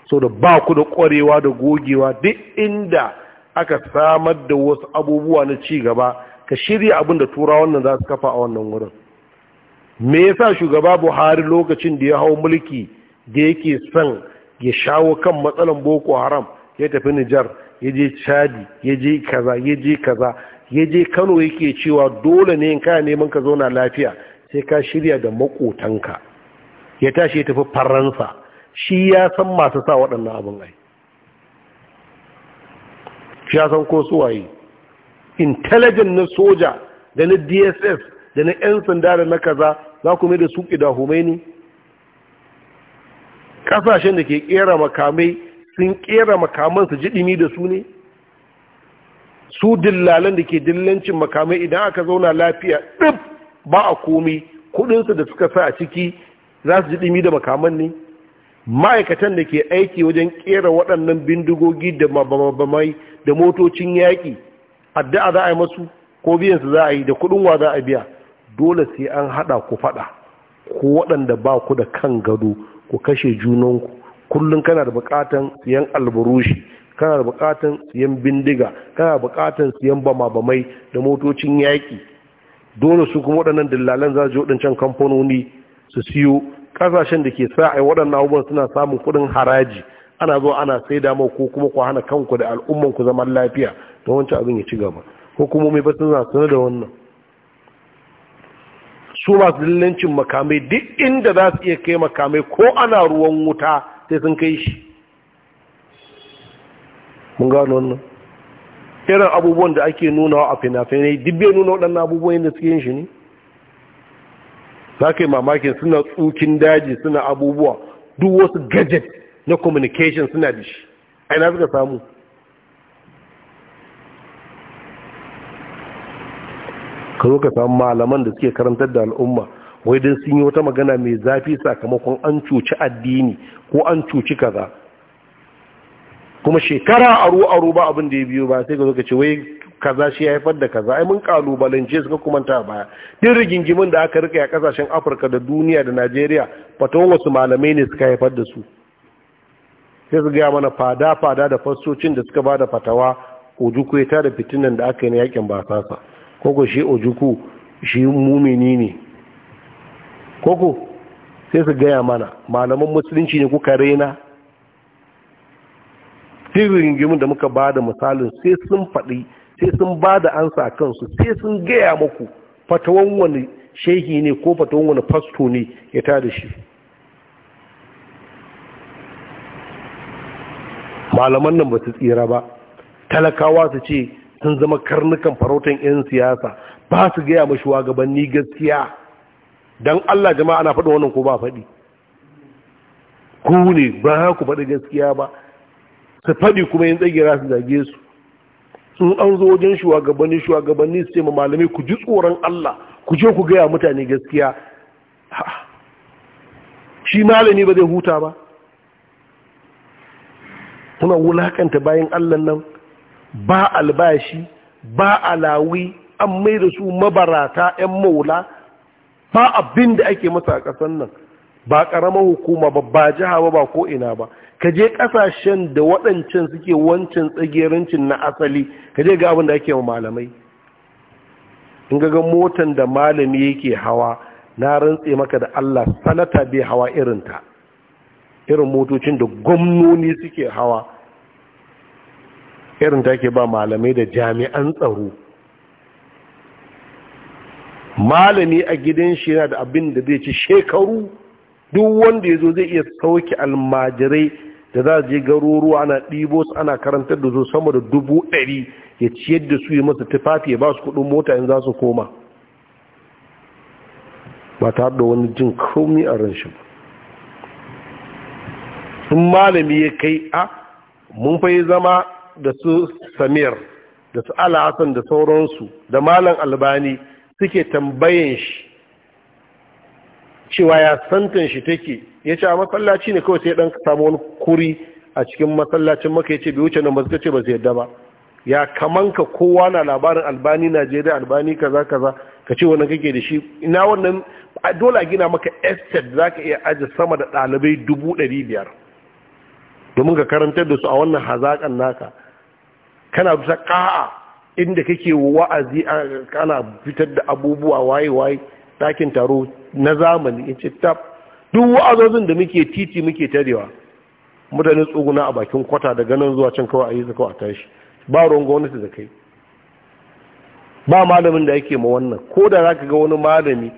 so da ba ku da ƙwarewa da gogewa duk inda aka samar da wasu abubuwa na ci gaba ka shirya abin da tura wannan za su kafa a wannan wurin me yasa shugaba buhari lokacin da ya hau mulki da yake son ya shawo kan matsalan boko haram ya tafi nijar ya je chadi ya je kaza ya je kaza ya je kano yake cewa dole ne in kaya neman ka zauna lafiya sai ka shirya da makotanka ya tashi ya tafi faransa shi ya san masu sa waɗannan abin ai shi ya san ko waye intelligent na soja da na dss da na 'yan sanda da na kaza za ku mai da su ƙida homeni ƙasashen da ke ƙera makamai sun ƙera makaman su ji ɗimi da su ne su dillalan da ke dillancin makamai idan aka zauna lafiya ɗin ba a komi kudinsu da suka sa a ciki za su ji ɗimi da makaman ne ma'aikatan da ke aiki wajen ƙera waɗannan bindigogi da mabamai da motocin yaƙi addu'a za a yi masu ko biyansu za a yi da kuɗin wa za a biya dole sai an haɗa ku faɗa ko waɗanda ba ku da kan gado ku kashe junanku kullum kana da buƙatan siyan alburushi kana bukatan siyan bindiga kana bukatan siyan bama-bamai da motocin yaƙi dole su kuma waɗannan dillalan za su waɗancan kamfanoni su siyo ƙasashen da ke sa a waɗannan abubuwan suna samun kuɗin haraji ana zo ana sai da ko kuma ku hana kanku da al'umman ku zaman lafiya don wancan abin ya ci gaba hukumomi ba sun sanar da wannan su masu lallancin makamai duk inda za su iya kai makamai ko ana ruwan wuta sai sun kai shi mun gano wannan irin abubuwan da ake nunawa a fina-finai dibbe nuna waɗannan abubuwan yadda suke yin shi ne za ka yi mamakin suna tsukin daji suna abubuwa duk wasu gadget na communication suna da shi aina suka samu ka zo ka samu malaman da suke karantar da al'umma wai don sun yi wata magana mai zafi sakamakon an cuci addini ko an cuci kaza kuma shekara aro aro ba abin da ya biyo ba sai ga lokaci wai kaza shi ya haifar da kaza ai mun kalubalance suka kuma ta baya duk rigingimin da aka rika a kasashen Afirka da duniya da Najeriya fatawan wasu malamai ne suka haifar da su sai su gaya mana fada fada da fassocin da suka bada fatawa ojuku ya tara fitinan da aka yi na yakin basasa koko shi ojuku shi mumini ne koko sai su gaya mana malaman musulunci ne kuka na? dirin da muka ba da misalin sai sun faɗi sai sun ba da ansa a kansu sai sun gaya maku fatawan wani shehi ne ko fatawan wani fasto ne ya tada shi malaman nan ba su tsira ba talakawa su ce sun zama karnukan farautan 'yan siyasa ba su gaya mashi wagabanni gaskiya don allah jama'a na faɗin wannan ko ba faɗi ku ne ba ku faɗi gaskiya ba su faɗi kuma yin tsagira su zage su sun an zo wajen shugabanni shugabanni su ce ma malamai ku ji tsoron Allah ku je ku gaya mutane gaskiya shi malami ba zai huta ba kuna wulaƙanta bayan Allah nan ba albashi ba alawi an mai da su mabarata 'yan maula ba abin da ake masa a ƙasar nan ba ƙaramar hukuma ba ba jiha ba ba ko ina ba ka je ƙasashen da waɗancan suke wancan tsagerancin na asali ka je ga abin da ake wa malamai in ga motan da malami yake hawa na rantse maka da Allah salata bai hawa irinta irin motocin da gwamnoni suke hawa irin ke ba malamai da jami'an tsaro malami a gidan shi yana da abin da zai ci shekaru duk wanda ya zo zai iya sauke almajirai da za je garuruwa ana ɗibo su ana karantar da zo sama da dubu ɗari ya ciyar da su yi masa tufafi ya ba su kuɗin mota in za su koma ba tare da wani jin komi a ran shi in malami ya kai a mun fai zama da su samir da su ala da sauransu da malam albani suke tambayan shi cewa ya santan shi take ya ce a masallaci ne kawai sai dan samu wani kuri a cikin masallacin maka ya ce bai wuce nan ba suka ce ba su yadda ba ya kamanka kowa na labarin albani najeriya albani kaza kaza ka ce wannan kake da shi ina wannan dole a gina maka estate za ka iya aji sama da ɗalibai dubu ɗari biyar domin ka karantar da su a wannan hazaƙan naka kana bisa ƙa'a inda kake wa'azi ana fitar da abubuwa waye waye ɗakin taro na zamani in ce tab duk wa'azozin da muke titi muke tarewa mutane tsuguna a bakin kwata daga nan zuwa can kawai a yi zakawa a tashi ba ruwan gwamnati da kai ba malamin da yake ma wannan ko da za ka ga wani malami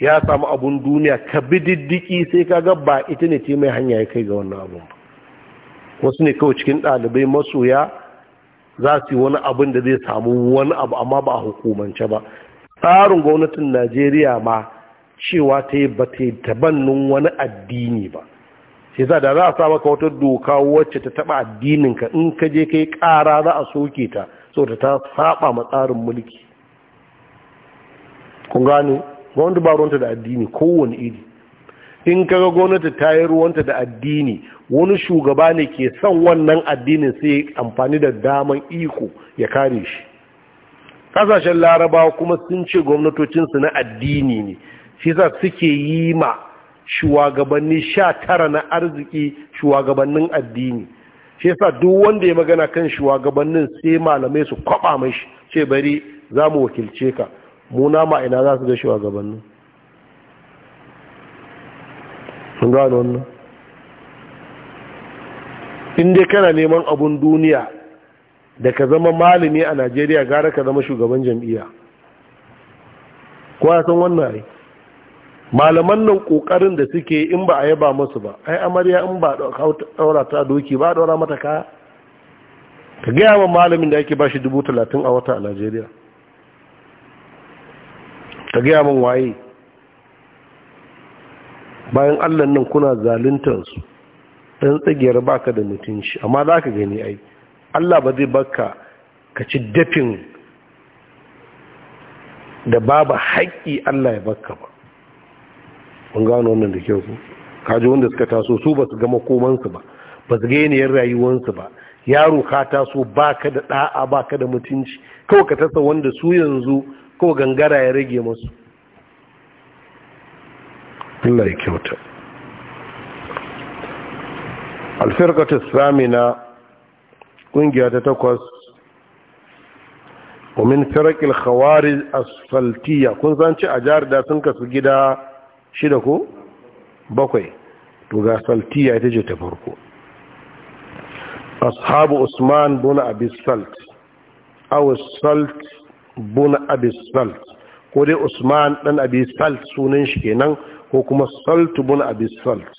ya samu abun duniya ka bi diddiki sai ka ga ba ita ne mai hanya ya kai ga wannan abun ba wasu ne kawai cikin ɗalibai masoya za su yi wani abin da zai samu wani abu amma ba a hukumance ba tsarin gwamnatin najeriya ma cewa ta yi ba ta tabannin wani addini ba sai za da za a sa maka wata doka wacce ta taba addininka in ka je kai kara za a soke ta saboda ta saba ma tsarin mulki kun gano gwamnati ba ruwanta da addini kowane iri in ka ga gwamnati ta yi ruwanta da addini wani shugaba ne ke son wannan addinin sai amfani da daman iko ya kare shi kasashen larabawa kuma sun ce gwamnatocinsu na addini ne shi suke yi ma shugabanni sha tara na arziki shugabannin addini shi sa duk wanda ya magana kan shugabannin sai malamai su kwaba mashi ce bari za mu wakilce ka muna ma ina za su ga shugabannin in dai kana neman abun duniya da ka zama malami a najeriya gara ka zama shugaban jam'iyya kowa san wannan ai malaman nan kokarin da suke in ba a yaba musu ba ai amarya in ba daura ta doki ba a daura mata kaya ka gaya wa malamin da ake bashi dubu talatin a wata a najeriya ka gaya min waye bayan allan nan kuna zalintansu don tsagiyar baka da mutunci amma za ka gani ai Allah ba zai baka ka ci dafin da babu haƙƙi Allah ya baka ba mun gano wannan da kyau ka kaji wanda suka taso su ba su gama komansu ba ba su gani yin rayuwansu ba yaro ka taso ba ka da ɗa'a ba ka da mutunci kawai ka tasa wanda su yanzu kawai gangara ya rage masu Allah ya kyauta alfirkatus samina ƙungiya ta takwas ومن فرق الخوارج الصلتية kun san ci a jihar da sun kasu gida shida ko bakwai to ga saltiya ita ce ta farko ashabu usman bin abi salt aw salt bin abi salt ko dai usman ɗan abi salt sunan shi kenan ko kuma saltu bin abi salt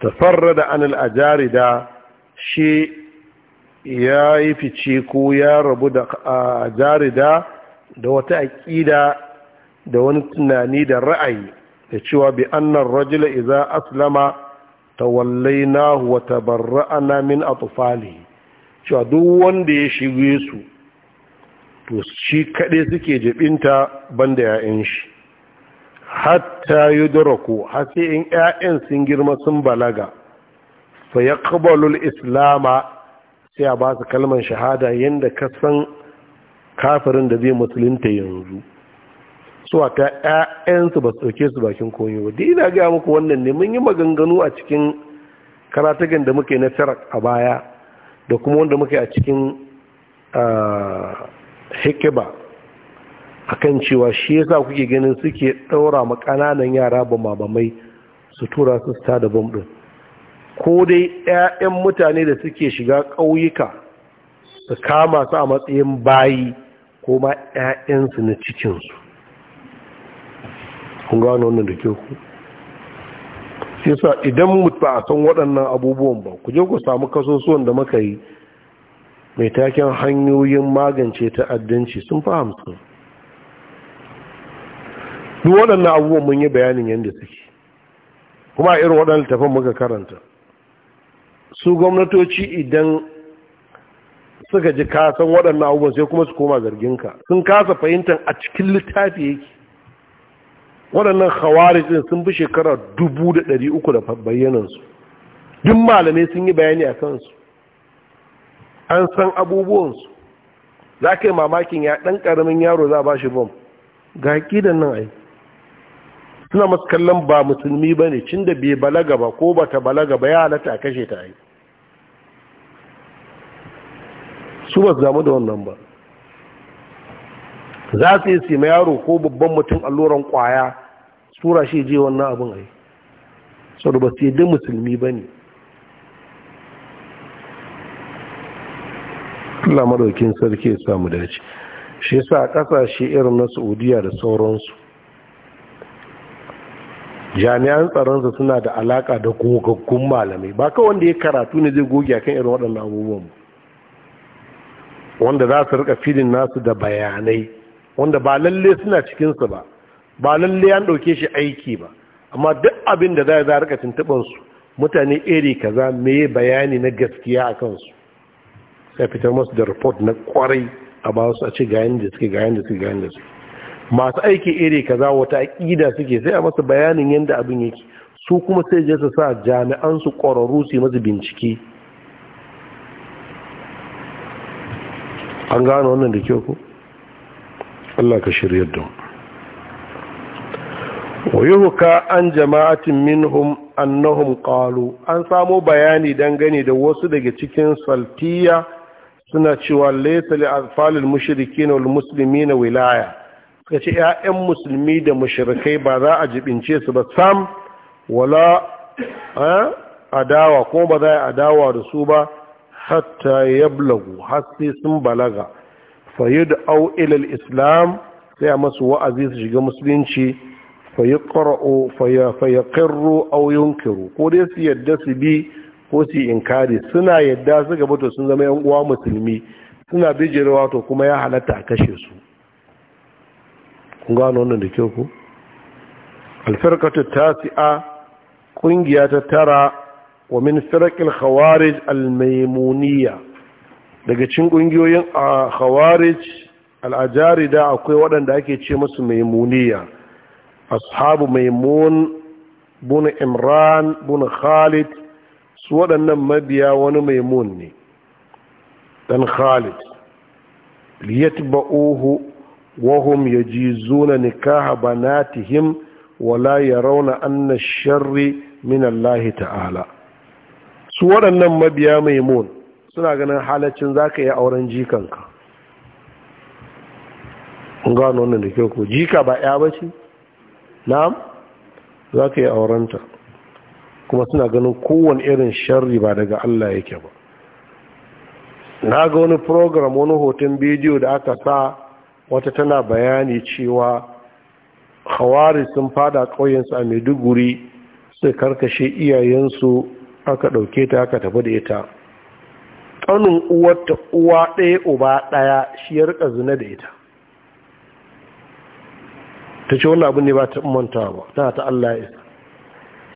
tafarrada anal a jarida shi ya yi fice ko ya rabu da jarida da wata aƙida da wani tunani da ra'ayi da cewa bi annan rajula iza aslama wata wa ana min atfali cewa duk wanda ya shige su to shi kaɗai suke jibinta banda ya'yan shi hatta yi har sai in ya'yan sun girma sun balaga fa ya islama sai a ba su kalmar shahada yadda ka san kafirin da zai musulunta yanzu a ta 'ya'yansu ba su ɗauke su bakin koyo ba duk ina gaya muku wannan ne mun yi maganganu a cikin karatagen da muke na tarak a baya da kuma wanda muke a cikin hikiba a kan cewa shi ya sa kuke ganin suke ɗaura ma ƙananan yara ba mamamai su tura su sta da bom ɗin ko dai 'ya'yan mutane da suke shiga ƙauyuka su kama su a matsayin bayi ko ma 'ya'yansu na cikinsu kun gano wannan da ke ku idan ba a san waɗannan abubuwan ba ku je ku samu kasosuwan da muka yi mai taken hanyoyin magance ta'addanci sun fi hamsin duk waɗannan abubuwan mun yi bayanin yadda suke kuma irin waɗannan tafan muka karanta su gwamnatoci idan suka ji kasan waɗannan abubuwan sai kuma su koma zargin ka. sun kasa fahimtar a cikin littafi yake waɗannan khawarijin sun fi shekara dubu da ɗari uku da bayyanansu duk malamai sun yi bayani a kansu an san abubuwansu za ka yi mamakin ya ɗan ƙaramin yaro za ba shi bom ga ƙidan nan ai suna masu kallon ba musulmi ba ne cin da bai balaga ba ko ba ta balaga ba ya halatta a kashe ta ai su ba su damu da wannan ba za su yi ma yaro ko babban mutum alluran kwaya tsura shi je wannan abin ai sau ba su yi din musulmi ba ne Allah madaukin sarki ya samu dace shi yasa kasashe irin na Saudiya da sauransu jami'an tsaronsa suna da alaka da gogaggun malamai ba kawai wanda ya karatu ne zai goge akan irin waɗannan abubuwan wanda za su rika filin nasu da bayanai wanda ba lalle suna cikinsu ba ba lalle an ɗauke shi aiki ba amma duk abin da za a rika tuntubansu mutane iri kaza mai bayani na gaskiya a kansu sai fitar masu da report na kwarai a ba su a ce ga da suke ga da suke ga da suke masu aiki iri kaza wata aƙida suke sai a masa bayanin yadda abin yake su kuma sai je su sa jami'ansu su ƙwararru su yi masu bincike an gano wannan da kyau ku? Allah ka shiryar da wayuhuka an jama'atin minhum annahum qalu an samo bayani dangane da wasu daga cikin saltiya suna cewa laysa li afalil mushrikin wal muslimin wilaya suka ce ƴaƴan musulmi da mushrikai ba za a jibince su ba sam wala eh, adawa ko ba za a adawa da su ba hatta yablagu har sai sun balaga fayyadu au ilal islam sai a masu wa'azi su shiga musulunci fayi ƙara'o au yunkiru ko dai su yadda su bi ko su inkari suna yadda su gaba to sun zama yan uwa musulmi suna bijirwa to kuma ya halatta a kashe su kun gano wannan da kyau ku alfarkatu tasi'a ƙungiya ta tara wa min firakil khawarij al daga cikin ƙungiyoyin a khawarij al-ajarida akwai waɗanda ake ce masu maimuniya ashabu maimun bun imran bun khalid su waɗannan mabiya wani maimun ne dan khalid liyatba'uhu wa hum yajizuna nikaha banatihim wala ya rauna anna ash-sharri min Allah ta'ala su waɗannan mabiya maimun suna ganin halaccin za ka yi auren jikanka gano wannan da kyau ko jika ba ya ba ce na'am za ka yi aurenta kuma suna ganin kowane irin sharri ba daga Allah yake ba na ga wani program wani hoton bidiyo da aka sa wata tana bayani cewa hawari sun fada ƙauyensu a maiduguri sai karkashe iyayensu aka ɗauke ta aka tafi da ita ƙanin uwata uwa ɗaya uba ɗaya shi ya rika zina da ita ta ce wannan abin ne ba ta manta ba ta ta Allah ya isa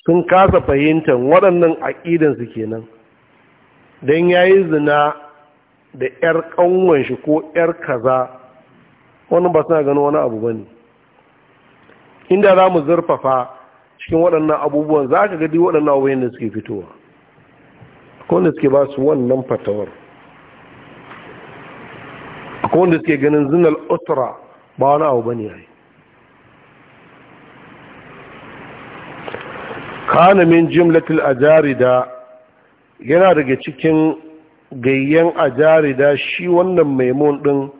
sun kasa fahimtar waɗannan aƙidansu kenan don ya yi zina da 'yar ƙanwan shi ko 'yar kaza wani ba suna ganin wani abu ba ne inda za mu zurfafa cikin waɗannan abubuwan za ka gadi waɗannan abubuwan da suke fitowa wanda suke ba su wannan fatawar akwai wanda suke ganin zinar otara ba wani abu ba ne ya yi kanamin jimlatil ajarida yana daga cikin gayyan ajarida shi wannan maimun din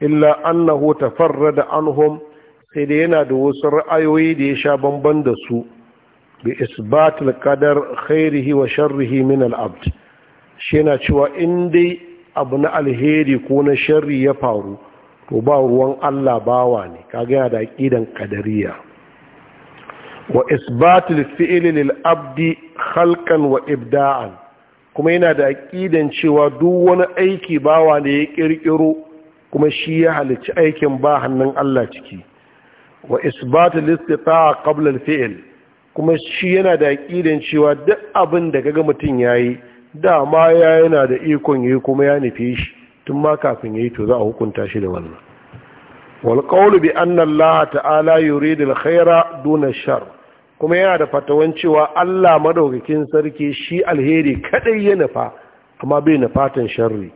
illa annahu tafarrada anhum sai dai yana da wasu ra'ayoyi da ya sha bamban da su bi isbatul qadar khairihi wa sharrihi min al-abd shi yana cewa in dai abu na alheri ko na sharri ya faru to ba ruwan Allah bawa ne kaga yana da aqidan qadariyya wa isbatul fi'l lil abdi khalqan wa ibda'an kuma yana da aqidan cewa duk wani aiki bawa ne ya kirkiro kuma shi ya halicci aikin ba hannun Allah ciki wa isbatul istita'a qabla al-fi'l kuma shi yana da aƙidan cewa duk abin da kaga mutum ya yi, dama ya yana da ikon yi kuma ya nufi shi tun ma kafin ya yi to za a hukunta shi da wannan wal bi bi nan Laha ta'ala yuri al-khaira duna shar kuma yana da fatawan cewa Allah madaukakin sarki shi alheri kaɗai ya nufa amma bai nufatan sharri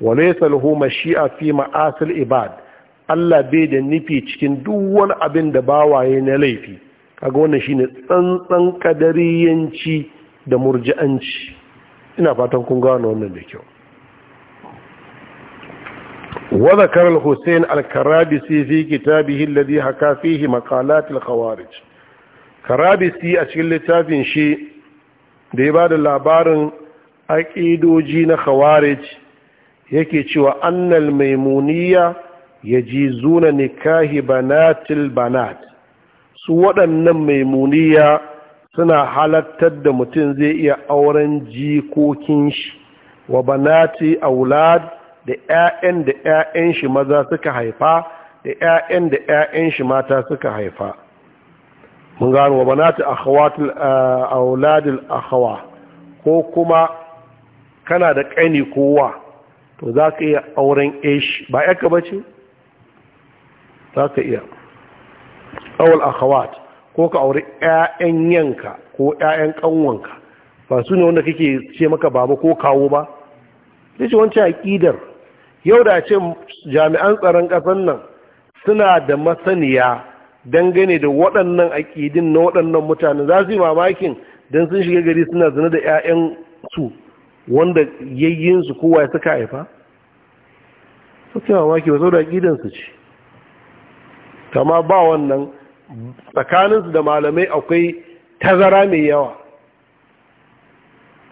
salhu ma shi a fi ma'asil ibad Allah bai da nufi cikin duk wani abin da bawaye na laifi kaga wannan shine tsantsan kadariyanci da murji'anci ina fatan kun gano wannan da kyau wa zakar al-husayn al-karabisi fi kitabihi alladhi haka fihi maqalat al-khawarij karabisi a cikin littafin shi da ya bada labarin aqidoji na khawarij yake cewa annal maimuniya yajizuna nikahi banatil banat su waɗannan maimuniya suna halattar da mutum zai iya auren jikokin shi wa banati aulad da 'ya'yan da 'ya'yan shi maza suka haifa da 'ya'yan da 'ya'yan shi mata suka haifa mun gano wa banati akhawatul eh, akhawa ko kuma kana da ƙani kowa to za ka iya auren ish ba yaka bace za ka iya awal akhawat ko ka aure ƴaƴan yanka ko ƴaƴan kanwanka ba su ne wanda kake ce maka baba ko kawo ba shi wancan aqidar yau da ce jami'an tsaron ƙasar nan suna da masaniya dangane da waɗannan aƙidin na waɗannan mutane za su yi mamakin don sun shiga gari suna zina da su wanda yayyinsu kowa ya suka haifa? suke mamaki saboda da aƙidansu ce kama ba wannan tsakaninsu da malamai akwai tazara mai yawa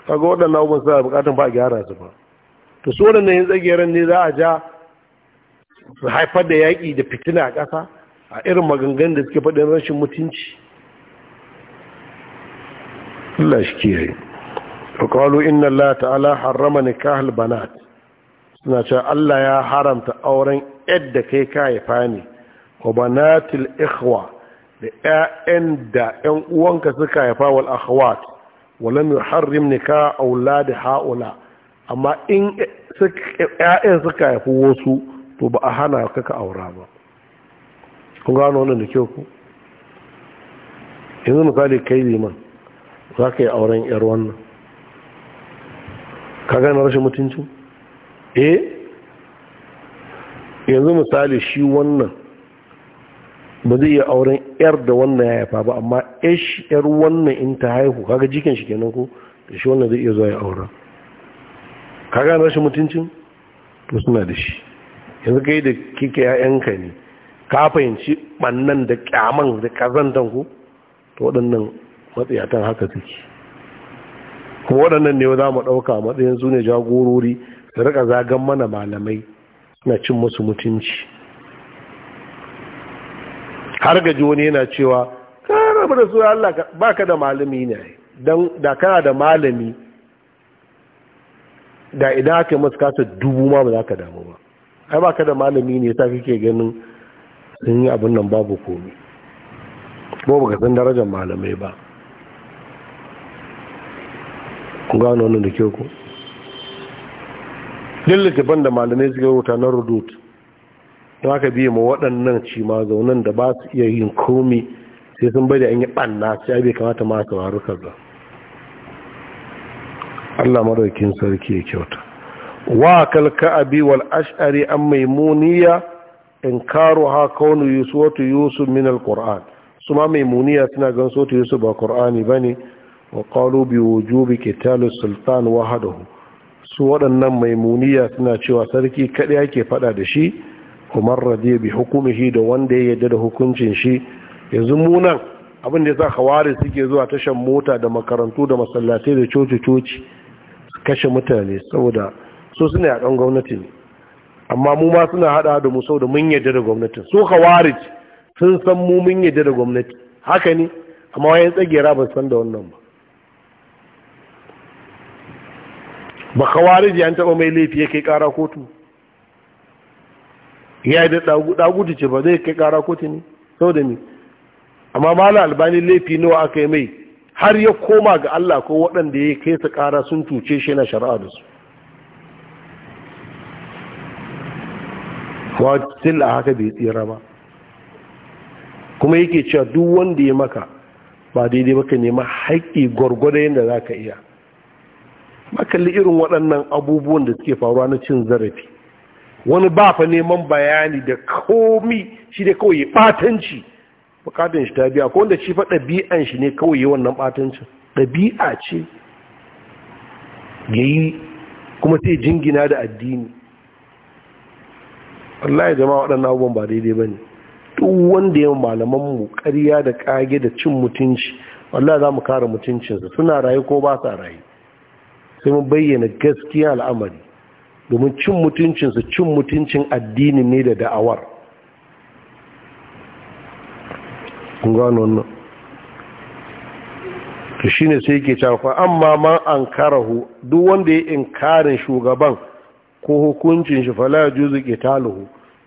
kaga waɗannan abubuwan suna bukatun ba a gyara su ba to su waɗannan yin tsagiyar ne za a ja su haifar da yaƙi da fitina a ƙasa a irin magangan da suke faɗin rashin mutunci Allah shi kiyaye inna Allah ta'ala تعالى حرم kahal banat suna cewa Allah ya haramta auren yadda kai ka haifa ne wa banatil ikhwa da ƴaƴan da ƴan uwanka suka haifa wal akhawat wa lam yuharrim nikah aulad haula amma in ƴaƴan suka haifi wasu to ba a hana ka aura ba kun gano wannan da kyau ku yanzu misali kai liman za ka yi auren yar wannan ka gane rashin mutuncin eh. yanzu misali shi wannan ba zai yi auren yar da wannan ya haifa ba amma ish yar wannan in ta haihu kaga jikin shi kenan ko da shi wannan zai iya zuwa ya aura kaga rashin mutuncin to suna da shi yanzu kai da kike ya'yanka ne ka fahimci bannan da kyaman da kazantan ku to waɗannan matsiyatan haka suke kuma waɗannan ne za mu ɗauka matsayin su ne jagorori su rika zagan mana malamai suna cin musu mutunci har gaji wani yana cewa ka rabu da suna Allah ba ka da malami ne don da kana da malami da idan aka yi masu kasa dubu ma ba za ka damu ba ai ba ka da malami ne ta kake ganin sun yi abin nan babu komi ko ba ka san darajar malamai ba ku gano wannan da kyau ku dillata ban da malamai suke wuta na rudut ta ka biya ma waɗannan ci zaunan da ba su iya yin komi sai sun bari an yi ɓanna sai bai kamata ma su waru kaza Allah maraukin sarki ya kyauta wa kalka abi wal ash'ari an maimuniya in karo ha kaunu wata yusuf min alquran su ma maimuniya suna gan su wata yusuf ba qur'ani bane wa qalu bi wujubi qitalu sultan wahadahu, su waɗannan maimuniya suna cewa sarki kaɗai ake faɗa da shi umar radiya bi hukumihi da wanda ya yadda da hukuncin shi yanzu munan abin da ya sa hawari suke zuwa tashan mota da makarantu da masallatai da coci-coci kashe mutane saboda so suna dan gwamnati ne amma mu ma suna hada da mu saboda mun yadda da gwamnatin so hawari sun san mu mun yadda da gwamnati haka ne amma wayan tsagera ba san da wannan ba ba hawari an taba mai laifi ya kai kara kotu ya da ɗagudu ce ba zai kai ƙara kotu ne sau da ni amma mala albani laifi nawa aka yi mai har ya koma ga Allah ko waɗanda ya kai su ƙara sun tuce shi na shari'a da su wasil a haka bai tsira ba kuma yake cewa duk wanda ya maka ba daidai maka nema haƙƙi gwargwada yadda za ka iya makalli irin waɗannan abubuwan da suke faruwa na cin zarafi wani ba fa neman bayani da komi shi da kawai batanci bukatun shi ta biya ko wanda shi faɗa biyan shi ne kawai wannan batancin ɗabi'a ce Ya yi kuma sai jingina da addini ya jama'a waɗannan abubuwan ba daidai ba ne? duk wanda yawan malaman mu ƙarya da ƙage da cin mutunci allah za mu kare mutuncinsa suna rayu ko ba sa rayu sai mu bayyana gaskiya al'amari domin cin mutuncinsu cin mutuncin addini ne da da'awar ta gano wannan shine sai ke cewa amma man ankarahu duk wanda ya inkarin shugaban ko hukuncin shi juzu ke taluhu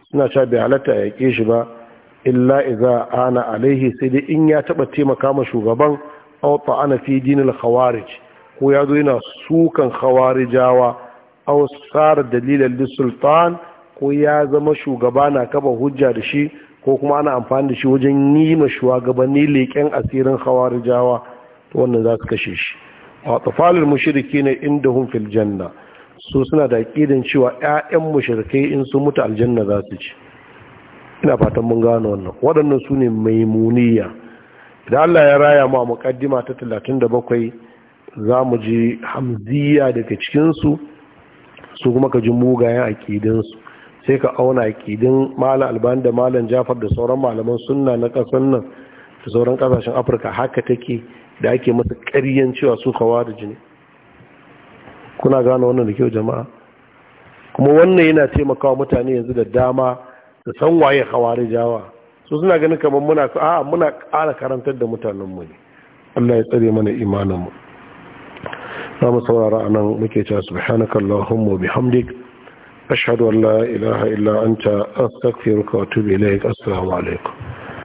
suna sha bai halatta ya ke shi ba illa iza ana alaihi sai dai in ya taba taimaka ma shugaban aw ana fi dinin khawarij ko ya zo yana sukan khawarijawa aw sar dalilan lisultan ko ya zama shugaba na kaba hujja da shi ko kuma ana amfani da shi wajen yi ma shugabanni leƙen asirin hawarijawa to wannan za su kashe shi wa tafalul mushriki ne indahum fil janna su suna da aqidan cewa 'ya'yan mushrikai in sun mutu aljanna za su ci ina fatan mun gano wannan waɗannan su ne maimuniya idan Allah ya raya mu a muqaddima ta 37 za mu ji hamziya daga cikinsu. su kuma ka ji mugayen aƙidinsu sai ka auna aƙidin malam alban da malam jafar da sauran malaman sunna na ƙasar nan da sauran ƙasashen afirka haka take da ake masa karyan cewa su kawa da jini kuna gane wannan da kyau jama'a kuma wannan yana taimakawa mutane yanzu da dama da san waye kawari jawa su suna ganin kamar muna a'a muna ƙara karantar da mutanenmu ne Allah ya tsare mana imaninmu za mu saurara a nan muke ta subhanaka allahumma bihamdik ashhadu an la ilaha illa anta astaghfiruka wa atubu ilaik assalamu alaikum